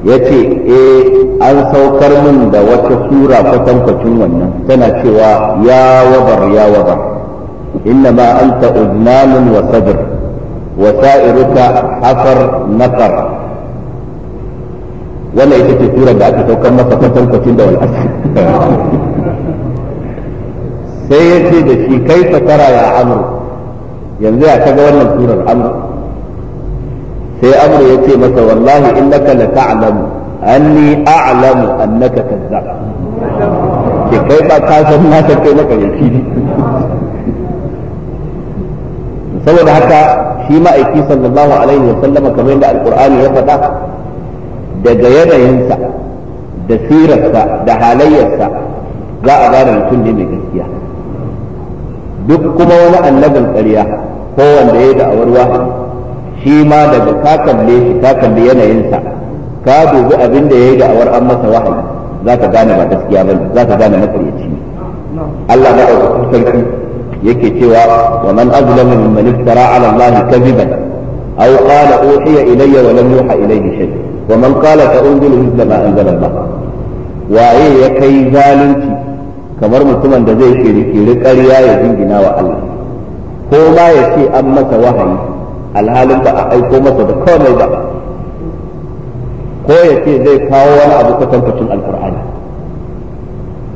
yace eh an saukar mun da wata sura kwatankwacin wannan tana cewa ya wabar ya wabar innama anta uznamun wa sadr وسائرك حفر far wannan ita ce tura da aka saukar masa kwatankwacin da wal asr sai ya ce da shi kai fatara ya amur yanzu ya kaga wannan turar amur sai amur ya ce masa wallahi innaka la ta'lamu anni a'lamu annaka kazzab ke kai ba ka san na kai na kare saboda haka shi ma'aiki sallallahu alaihi wa sallama kamar yadda alkur'ani ya faɗa daga yanayinsa da sirarsa da halayyarsa za a gane mutum ne mai gaskiya duk kuma wani annabin ƙarya ko wanda ya da'awar wahayi shi ma daga ka kalle shi ka kalle yanayinsa ka dubi abin da ya yi da'awar an masa wahayi za ka gane ba gaskiya ba za ka gane makaryaci ne Allah na ɗaukar sarki yake cewa wa man azlamu mimman iftara ala allahi kadiban aw qala uhiya ilayya wa lam yuha ilayhi shay wa man qala fa unzilu mithla ma anzala allah waye ya kai zalunci kamar mutumin da zai shiriki ƙarya ya jingina wa Allah ko ma ya ce an masa wahayi alhalin ba a aiko masa da komai ba ko ya ce zai kawo wani abu kwatankwacin alkur'ani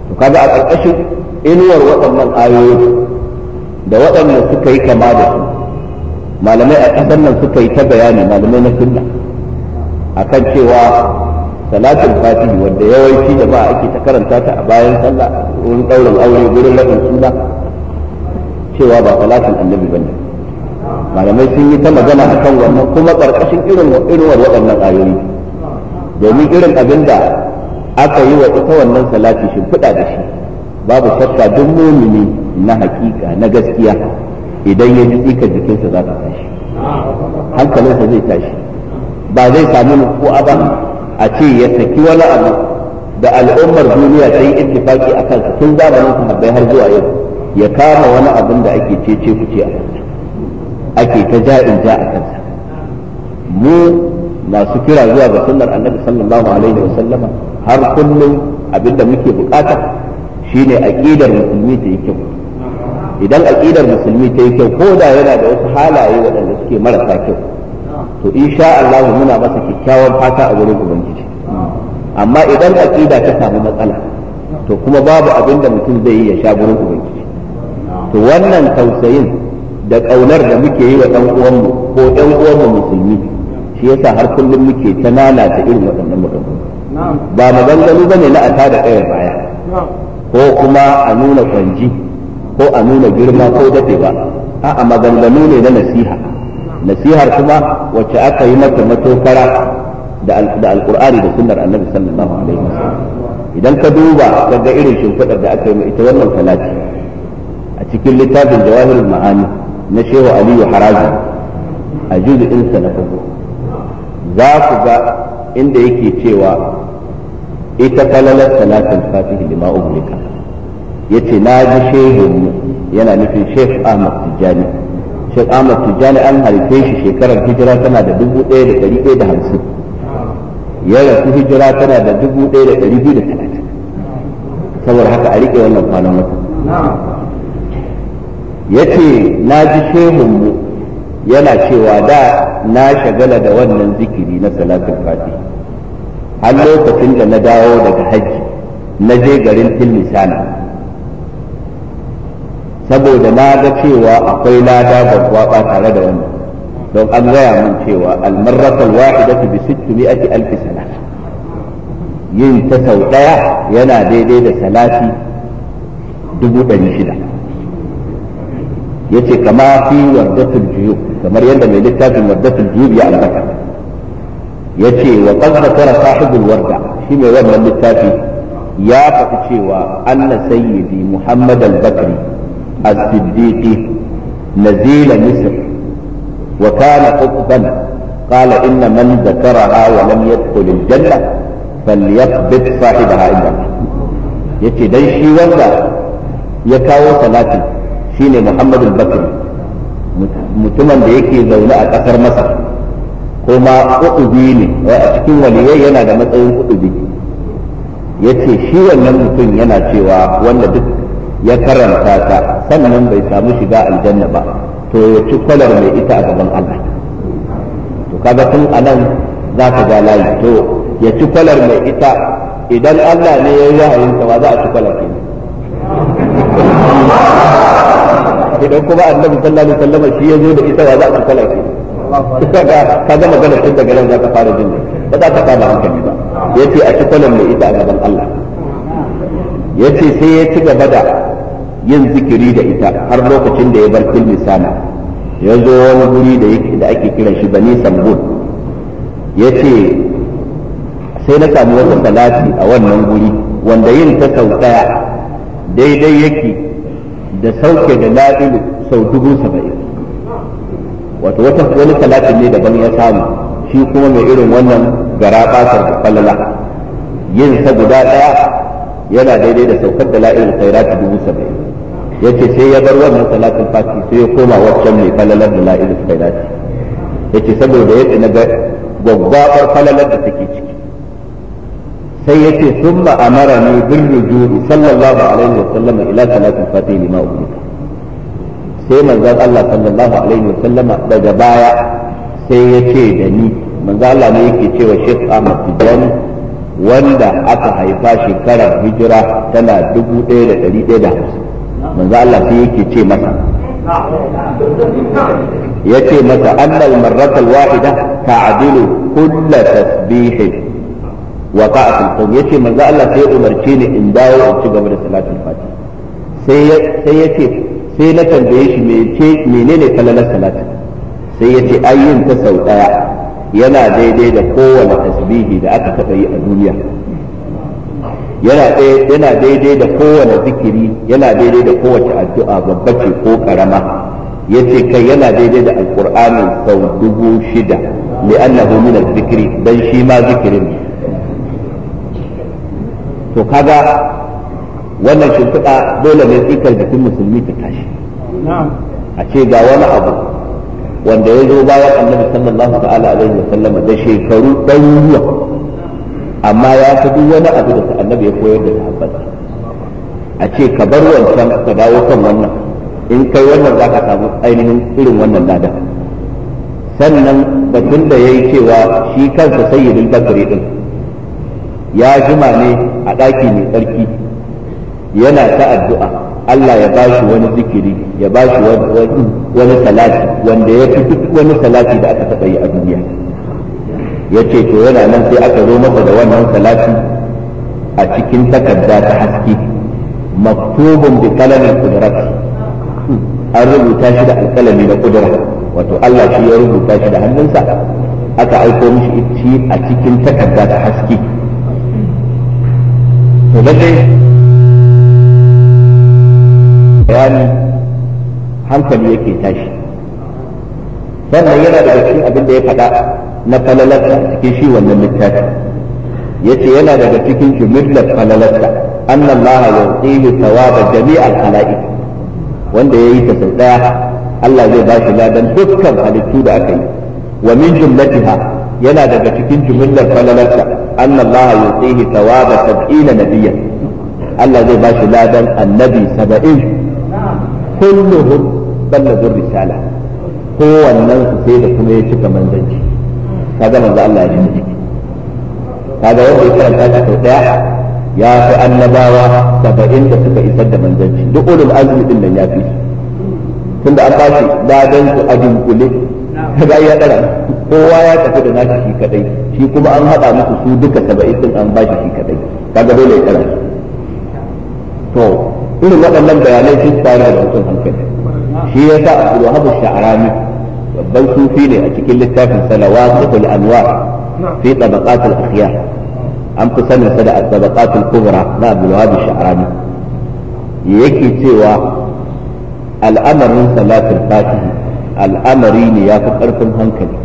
to kaga a ƙarƙashin inuwar waɗannan ayoyi da waɗanda suka yi kama da su malamai a ƙasar nan suka yi ta bayani malamai na sunna A kan cewa salatin fatihi wanda yawanci da ba ake ta karanta ta a bayan sallah wurin ɗaurin aure wurin raɗin suna cewa ba salatul annabi ne. malamai sun yi ta magana a kan wannan kuma ƙarƙashin irin irin waɗannan ayoyi domin irin abin da aka yi wa ita wannan salati shimfiɗa da shi babu shakka duk mumini na hakika na gaskiya idan ya ji tsika jikinsa za ta tashi hankalinsa zai tashi ba zai sami nukuwa ba a ce ya saki wani abu da al'ummar duniya ta yi ittifaki a kansa tun zamanin sahabbai har zuwa yau ya kama wani abin da ake ce ku ce a kansa ake ta ja'in ja a kansa mu masu kira zuwa ga sunnar annabi sallallahu alaihi wa sallama har kullum abin da muke bukata shine aqidar musulmi ta yi kyau idan aqidar musulmi ta yi kyau ko da yana da wasu halaye waɗanda suke marasa kyau to insha Allah muna masa kyakkyawar fata a gurin ubangiji amma idan aqida ta samu matsala to kuma babu abin da mutum zai yi ya sha gurin ubangiji to wannan tausayin da ƙaunar da muke yi wa ɗan uwanmu ko ɗan uwanmu musulmi shi yasa har kullum muke ta lalata irin waɗannan maganganu ba maganganu bane na a tada ƙayar baya ko kuma a nuna kwanji ko a nuna girma ko daɗe ba a'a maganganu ne na nasiha nasihar kuma wacce aka yi mata matokara da alkur'ani da sunnar annabi sallallahu alaihi idan ka duba kaga irin shimfiɗar da aka yi ita wannan salati a cikin littafin jawahirul ma'ani na shehu aliyu harazi a juzu'insa na farko za ku ga inda yake cewa ita falalar talatin fatihi lima yace na ji shehin yana nufin Sheikh Ahmad Tijjani Sheikh Ahmad Tijjani an haife shi shekarar hijira tana da 1150 ya rasu hijira tana da 1230 saboda haka a rike wannan kwanan wata yace na ji shehun mu yana cewa da na shagala da wannan zikiri na salatul fati har lokacin da na dawo daga hajji na je garin tilmisana saboda na ga cewa akwai lada babba ba tare da wannan don an gaya min cewa almarratul wahidatu bi 600 alf sana yin ta sau daya yana daidai da salati dubu ɗari shida ya ce kama fi wardatul juyub kamar yadda mai littafin wardatul juyub ya ambata yace wa qad zakara sahibul warda shi mai wannan littafi ya faɗi cewa anna sayyidi muhammad al-bakri الصديق نزيل مصر وكان قطبا قال إن من ذكرها ولم يدخل الجنة فليقبض صاحبها عند الله yace dan shi wanda ya kawo salati shine Muhammadu Bakri mutumin da yake zaune a ƙasar Masar kuma ƙuɗubi ne a cikin waliyai yana da matsayin ƙuɗubi yace shi wannan mutum yana cewa wanda duk ya karanta ta sannan bai samu shiga aljanna ba to ya ci kwalar mai ita a gaban Allah to kaga tun anan za ka ga layi to ya ci kwalar mai ita idan Allah ne ya yi ra'ayin ta za a ci kwalar ki idan kuma annabi sallallahu alaihi wasallam shi ya zo da ita wa za a ci kwalar ki kaga kaga magana tun daga nan za ka fara jin ba za ka fara hankali ba yace a ci kwalar mai ita a gaban Allah yace sai ya ci gaba da yin zikiri da ita har lokacin da ya bar kilmisana ya zo wani guri da ake kiran shi bani sambul ya ce sai na sami wata salati a wannan guri wanda yin ta sau ɗaya daidai yake da sauke da la'ilu sau dubu saba'in wato wata wani talatin ne daban ya samu shi kuma mai irin wannan gara basar falala yin sa guda ɗaya yana daidai da saukar da la'ilu khairatu dubu saba'in yace sai ya bar wannan salatul fati sai ya koma waccan mai falalar da la'il khairati yace saboda yace na ga gwaggwabar falalar da take ciki sai yace summa amarani bil rujuu sallallahu alaihi wa sallam ila salatul fati lima ummita sai manzon Allah sallallahu alaihi wa sallama daga baya sai yace da ni manzon Allah ne yake cewa Sheikh Ahmad Tijani wanda aka haifa shekarar hijira tana dubu ɗaya da ɗari ɗaya da hamsin manzo Allah sai yake ce masa yace masa annal marratal wahida ta'dilu kull tasbih wa ta'atul qawm yace manzo Allah sai umarce ni in dawo in ci gaba da salatul fati sai sai yace sai na tambaye shi menene kalalar salati sai yace ayyin ta sau daya yana daidai da kowane tasbihi da aka taɓa yi a duniya yana daidai da kowane zikiri yana daidai da kowace addu'a babba ce ko karama yace kai yana daidai da alqur'ani sau dubu shida li'annahu min zikiri dan shi ma zikirin to kaga wannan shimfiɗa dole ne tsikar jikin musulmi ta tashi a ce ga wani abu wanda ya zo bayan annabi sallallahu ta'ala alaihi wa sallama da shekaru ɗaruruwa amma ya fi duk wani abu da annabi ya koyar da sahabbansa a ce ka bar wancan ka dawo kan wannan in kai wannan za ka samu ainihin irin wannan ladan sannan batun da ya yi cewa shi kansa sayyidin bakare din ya jima ne a ɗaki mai tsarki yana ta addu'a Allah ya ba shi wani zikiri ya ba shi wani salati wanda ya fi duk wani salati da aka taɓa yi a duniya ya ce to yana nan sai aka zo masa da wannan salati a cikin takarda ta haske maktubun bi qalamin qudrati an rubuta shi da alkalami da kudura wato Allah shi ya rubuta shi da hannunsa aka aiko mishi shi a cikin takarda ta haske to lalle bayani hankali yake tashi sannan yana da cikin abin da ya faɗa na falalarsa cikin shi wannan littafin yace yana daga cikin jumillat halalarsa anna allaha yu'tihi thawaba jami'al khalaiq wanda yayi ta sau daya Allah zai ba shi ladan dukkan halittu da aka yi wa min jumlatiha yana daga cikin jumillar falalarsa anna allaha yu'tihi thawaba sab'ina nabiyyan Allah zai ba shi ladan annabi 70 kulluhum ballagur risala kowannen su sai da kuma ya cika manzanci kaga manzo Allah ya cika kaga wanda ya karanta ta sau daya ya fi annabawa saba'in da suka isar da manzanci duk ulul azumi din nan ya fi tunda an bashi ladan su a dunkule kaga ya dara kowa ya tafi da nashi shi kadai shi kuma an haɗa musu su duka saba'in sun an bashi shi kadai kaga dole ya karanta to irin waɗannan bayanai sun tsara da mutum hankali shi ya yasa Abdul Wahab Sha'rani babban sufi ne a cikin littafin salawatul anwar fi tabaqatul akhyar an fi sanin sa da tabaqatul kubra na Abdul Wahab Sha'rani yake cewa al'amarin salatul fatihi al'amari ne ya fi karfin hankali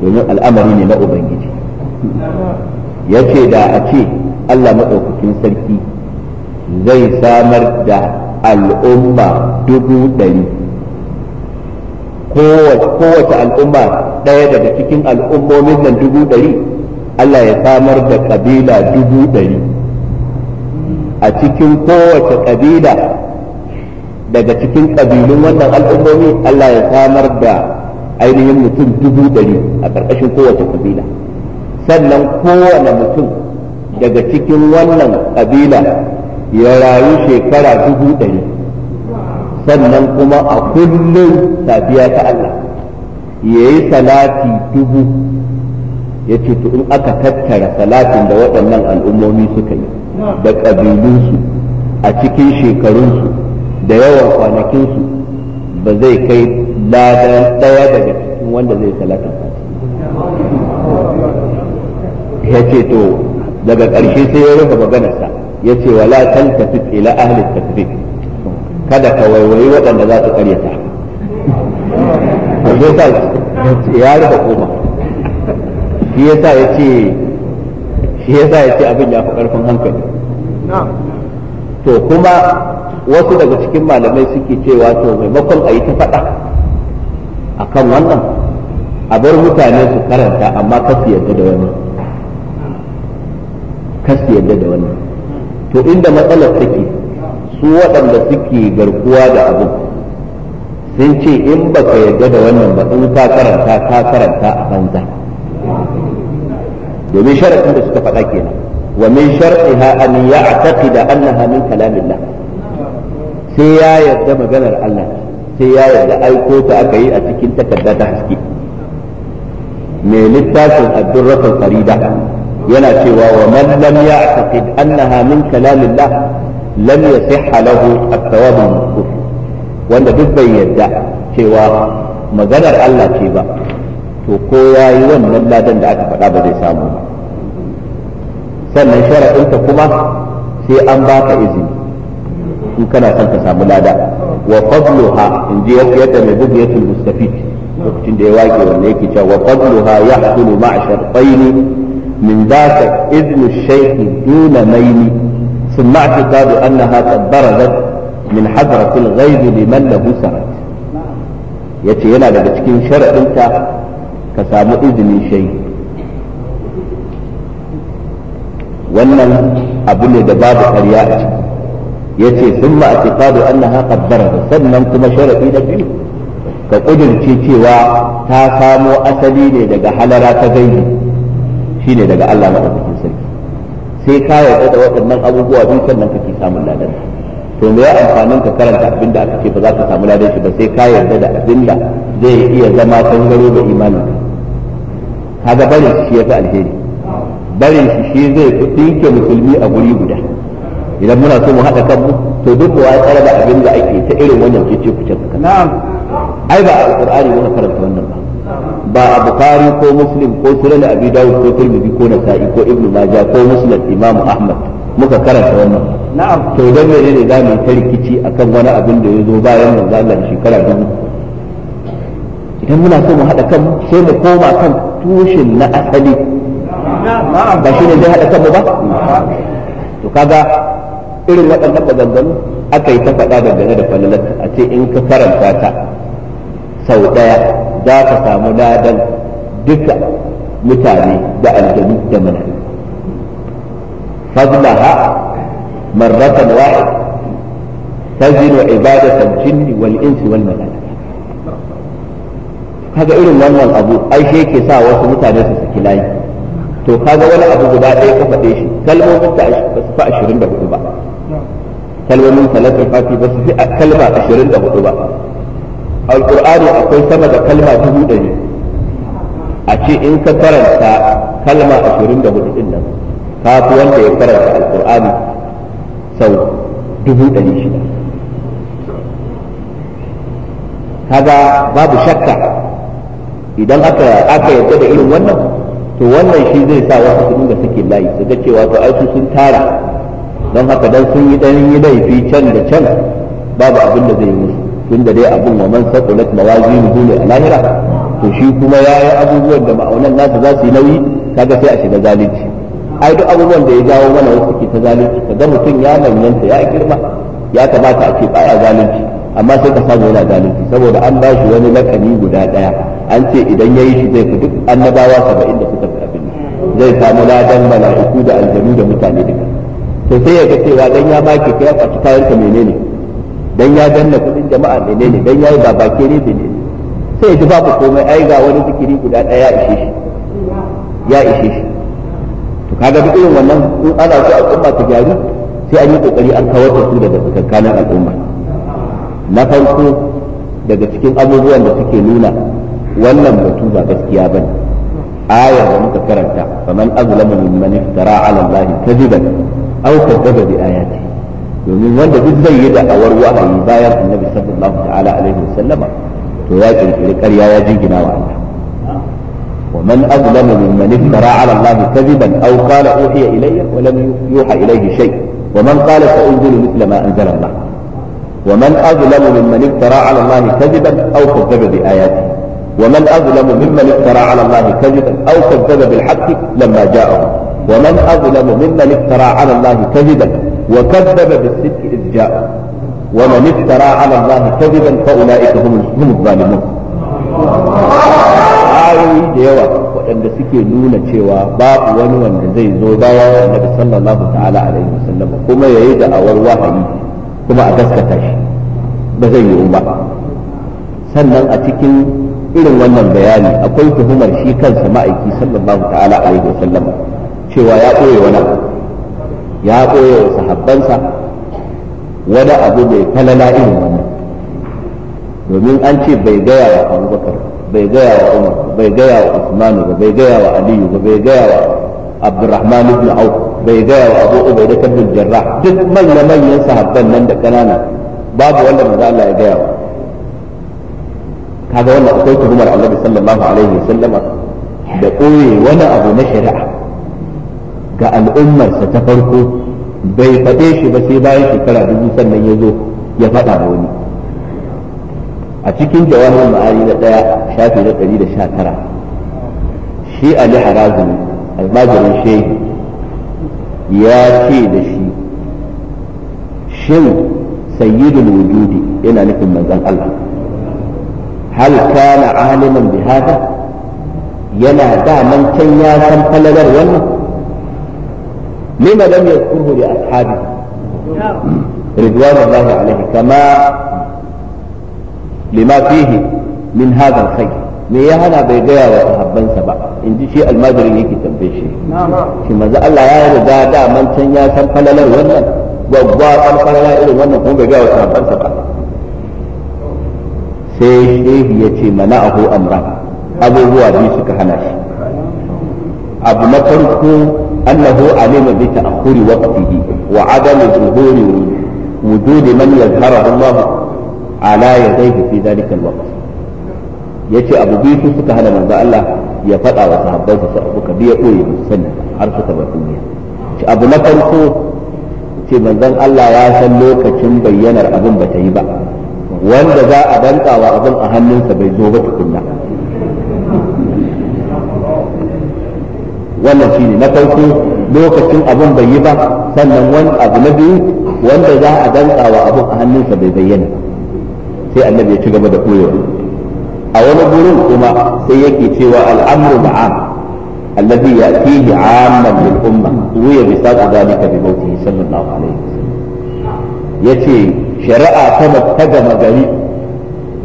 domin al'amari ne na ubangiji yace da a ce Allah madaukakin sarki zai samar da al'umma dubu ɗari kowace al'umma ɗaya daga cikin al'ummomin nan dubu ɗari Allah ya samar da ƙabila dubu ɗari a cikin kowace ƙabila daga cikin ƙabilun wannan al'ummomi Allah ya samar da ainihin mutum dubu ɗari a ƙarƙashin kowace ƙabila sannan kowane mutum daga cikin wannan ƙabila ya rayu shekara dubu ɗari sannan kuma a kullum safiya ta Allah ya yi salati dubu ya ce to in aka tattara salatin da waɗannan al'ummomi suka yi da ƙabilunsu a cikin shekarunsu da yawan kwanakinsu ba zai kai ladan ɗaya daga cikin wanda zai salatin ya ce to daga ƙarshe sai ya rufe maganarsa ya ce wala tan tafi ila ahli tafriq kada ka waiwayi waɗanda za su karyata yasa ya rufe koma shi sa ya ce shi sa ya ce abin ya fi ƙarfin hankali to kuma wasu daga cikin malamai suke cewa to maimakon a yi ta faɗa a kan wannan a bar mutane su karanta amma kasu yadda da wani. kasu yadda da wani. to inda matsalar take su waɗanda suke garkuwa da abu sun ce in baka yarda da wannan ba in ka karanta ka karanta a banza domin sharaɗin da suka faɗa kenan wa min shar'iha an ya'taqida annaha min kalamillah sai ya yarda maganar Allah sai ya yarda aiko ta aka yi a cikin takarda ta haske mai littafin abdurrafin farida yana cewa wa man lam ya'taqid annaha min kalamillah lam yasihha lahu at-thawab al-mansuf wanda duk bai yarda cewa maganar Allah ce ba to ko yayi wannan ladan da aka faɗa ba zai samu ba sannan sharaɗinta kuma sai an baka izini in kana son ka samu lada wa fadluha in ji yadda mai bugiyatul mustafid lokacin da ya wage wanda yake cewa wa fadluha yahsulu ma'a shartaini min dhaka idnu shaykh duna maini ثم اعتقاد أنها قد برزت من حضرة الغيب لمن له سند yace yana daga cikin sharaɗinta ka samu izinin shai wannan abu ne da babu ƙarya a ciki yace sun ma'atikadu an na sannan kuma sharaɗi na biyu ka ƙudurce cewa ta samo asali ne daga halara ta shi ne daga Allah maɗaukaki sai ka yarda da waɗannan abubuwa biyu sannan kake samun ladan to me ya amfanin ka karanta abin da aka ce ba za ka samu ladan shi ba sai ka yarda da abin da zai iya zama tangaro da imanin ka kaga barin shi ya fi alheri barin shi shi zai dinke musulmi a guri guda idan muna so mu haɗa kanmu to duk wa tsara da abin da ake ta irin wannan ce ce ku ce na'am ai ba alƙur'ani muka karanta wannan ba ba a bukari ko muslim ko sunan abi dawud ko tirmidhi ko nasa'i ko ibnu majah ko musnad imam ahmad muka karanta wannan na'am to dan menene da mu ta rikici akan wani abin da yazo bayan manzo Allah da shekara idan muna so mu hada kan sai mu koma kan tushin na asali ba shi ne zai hada kan ba to kaga irin waɗannan maganganu aka yi ta faɗa gane da falalar a ce in ka karanta ta sau ɗaya za ka samu ladan duka mutane da aljanu da mana fadlaha marratan wahid تزن عبادة الجن والإنس والملائكة kaga irin wannan abu ai shi yake sa wasu mutane su saki layi to kaga wani abu guda ɗaya ka faɗe shi kalmomin ta basu fi ashirin da hudu ba kalmomin salatul fati ba su fi kalma ashirin da hudu ba alqur'ani akwai sama da kalma dubu ɗari a ce in ka karanta kalma ashirin da hudu ɗin nan ka fi wanda ya karanta alqur'ani sau dubu ɗari shida kaga babu shakka idan aka aka yadda da irin wannan to wannan shi zai sa wasu su dinga suke layi su ga cewa to ai su sun tara don haka dan sun yi dan yi laifi can da can babu abin da zai yi tun da dai abin wa man saqulat mawazinuhu ne a lahira to shi kuma yi abubuwan da ma'aunan nasa za su yi nauyi kaga sai a shiga zalunci ai duk abubuwan da ya jawo mana wasu ke ta zalunci ga mutum ya manyanta ya girma ya kamata a ce baya zalunci amma sai ka samu yana zalunci saboda an ba shi wani lakabi guda daya an ce idan yayi shi zai fi duk annabawa saba'in da suka fi abin zai samu ladan mala'iku da aljanu da mutane duka to sai ya ga cewa dan ya baki kai a cikin kayanka menene dan ya danna kudin jama'a menene dan yayi babake ne sai ji babu komai ai ga wani zikiri guda daya ya ishe shi ya ishe shi to kaga duk irin wannan in ana so al'umma ta gyaru sai an yi kokari an kawar da su daga tsakanin al'umma na farko daga cikin abubuwan da suke nuna wannan batu ba gaskiya bane ayar da muka karanta faman azlamu mimman iftara ala allahi kadiban aw kadzaba bi ayati domin wanda duk zai yi da awar wahayi bayan annabi sallallahu ta'ala alaihi wasallama to ya kirkiri ƙarya ya jingina wa Allah ومن أظلم ممن افترى على الله كذبا أو قال أوحي إلي ولم يوحى إليه شيء ومن قال سأنزل مثل ما أنزل الله ومن أظلم ممن افترى على الله كذبا أو كذب بآياته ومن أظلم ممن افترى على الله كذبا أو كذب بالحق لما جاءه ومن أظلم ممن افترى على الله كذبا وكذب بالصدق إذ جاء ومن افترى على الله كذبا فأولئك هم هم الظالمون ayoyi da yawa waɗanda suke nuna cewa babu wani wanda zai zo bayan annabi sallallahu ta'ala alaihi wasallam kuma yayi da awar wahayi kuma a gaskata tashi ba sannan a cikin irin wannan bayani akwai tuhumar shi kansa ma'aiki sallallahu ta'ala alaihi wasallam cewa ya ɓoye wani ya koya wa sahabbansa wani abu mai falala irin wannan domin an ce bai gaya wa abubakar bai gaya wa umar bai gaya wa usman ba bai gaya wa aliyu ba bai gaya wa abdurrahman ibn auf bai gaya wa abu ubaida ibn jarrah duk manya manyan sahabban nan da kanana babu wanda manzo Allah ya gaya wa kaga wannan akwai tuhumar Annabi sallallahu alaihi wasallama da koyi wani abu na shari'a ga al'ummarsa ta farko bai faɗe shi ba sai bayan shekara dubu sannan ya zo ya faɗa da wani a cikin jawahar ma'ani na ɗaya shafi na ɗari da sha tara shi ali harazumi almajirin shehu ya ce da shi shin sayyidul wujudi yana nufin manzon Allah hal kana aliman bi hada yana da can ya san falalar wannan لما لم يذكره لأصحابه رضوان الله عليه كما لما فيه من هذا الخير me ya hana bai gaya wa sahabbansa ba in ji shi almajirin yake tambaye shi shi manzo Allah ya riga da man can ya san falalar wannan gwagwa falfalala irin wannan kuma bai gaya wa sahabbansa ba sai shehi ya ce mana ahu amra abubuwa biyu suka hana shi abu na farko أنه علم بتأخر وقته وعدم ظهور وجود من يظهره الله على يديه في ذلك الوقت yace abu biyu su suka hana manzo Allah ya faɗa wa sahabban biya koyi musu sani har suka abu na farko ce manzon Allah ya san lokacin bayyanar abin ba ta yi ba wanda za a danka abin a hannunsa bai zo ba tukunna wannan shine na farko lokacin abun bai yi ba sannan wani abu na biyu wanda za a danka wa abin a hannunsa bai bayyana sai annabi ya ci gaba da koyarwa a wani gurin kuma sai yake cewa al'amru ma'am الذي يأتيه عاما للأمة روي بساط ذلك بموته صلى الله عليه yace shari'a شرع ta gama gari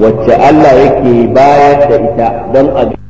wacce Allah yake bayar da ita don a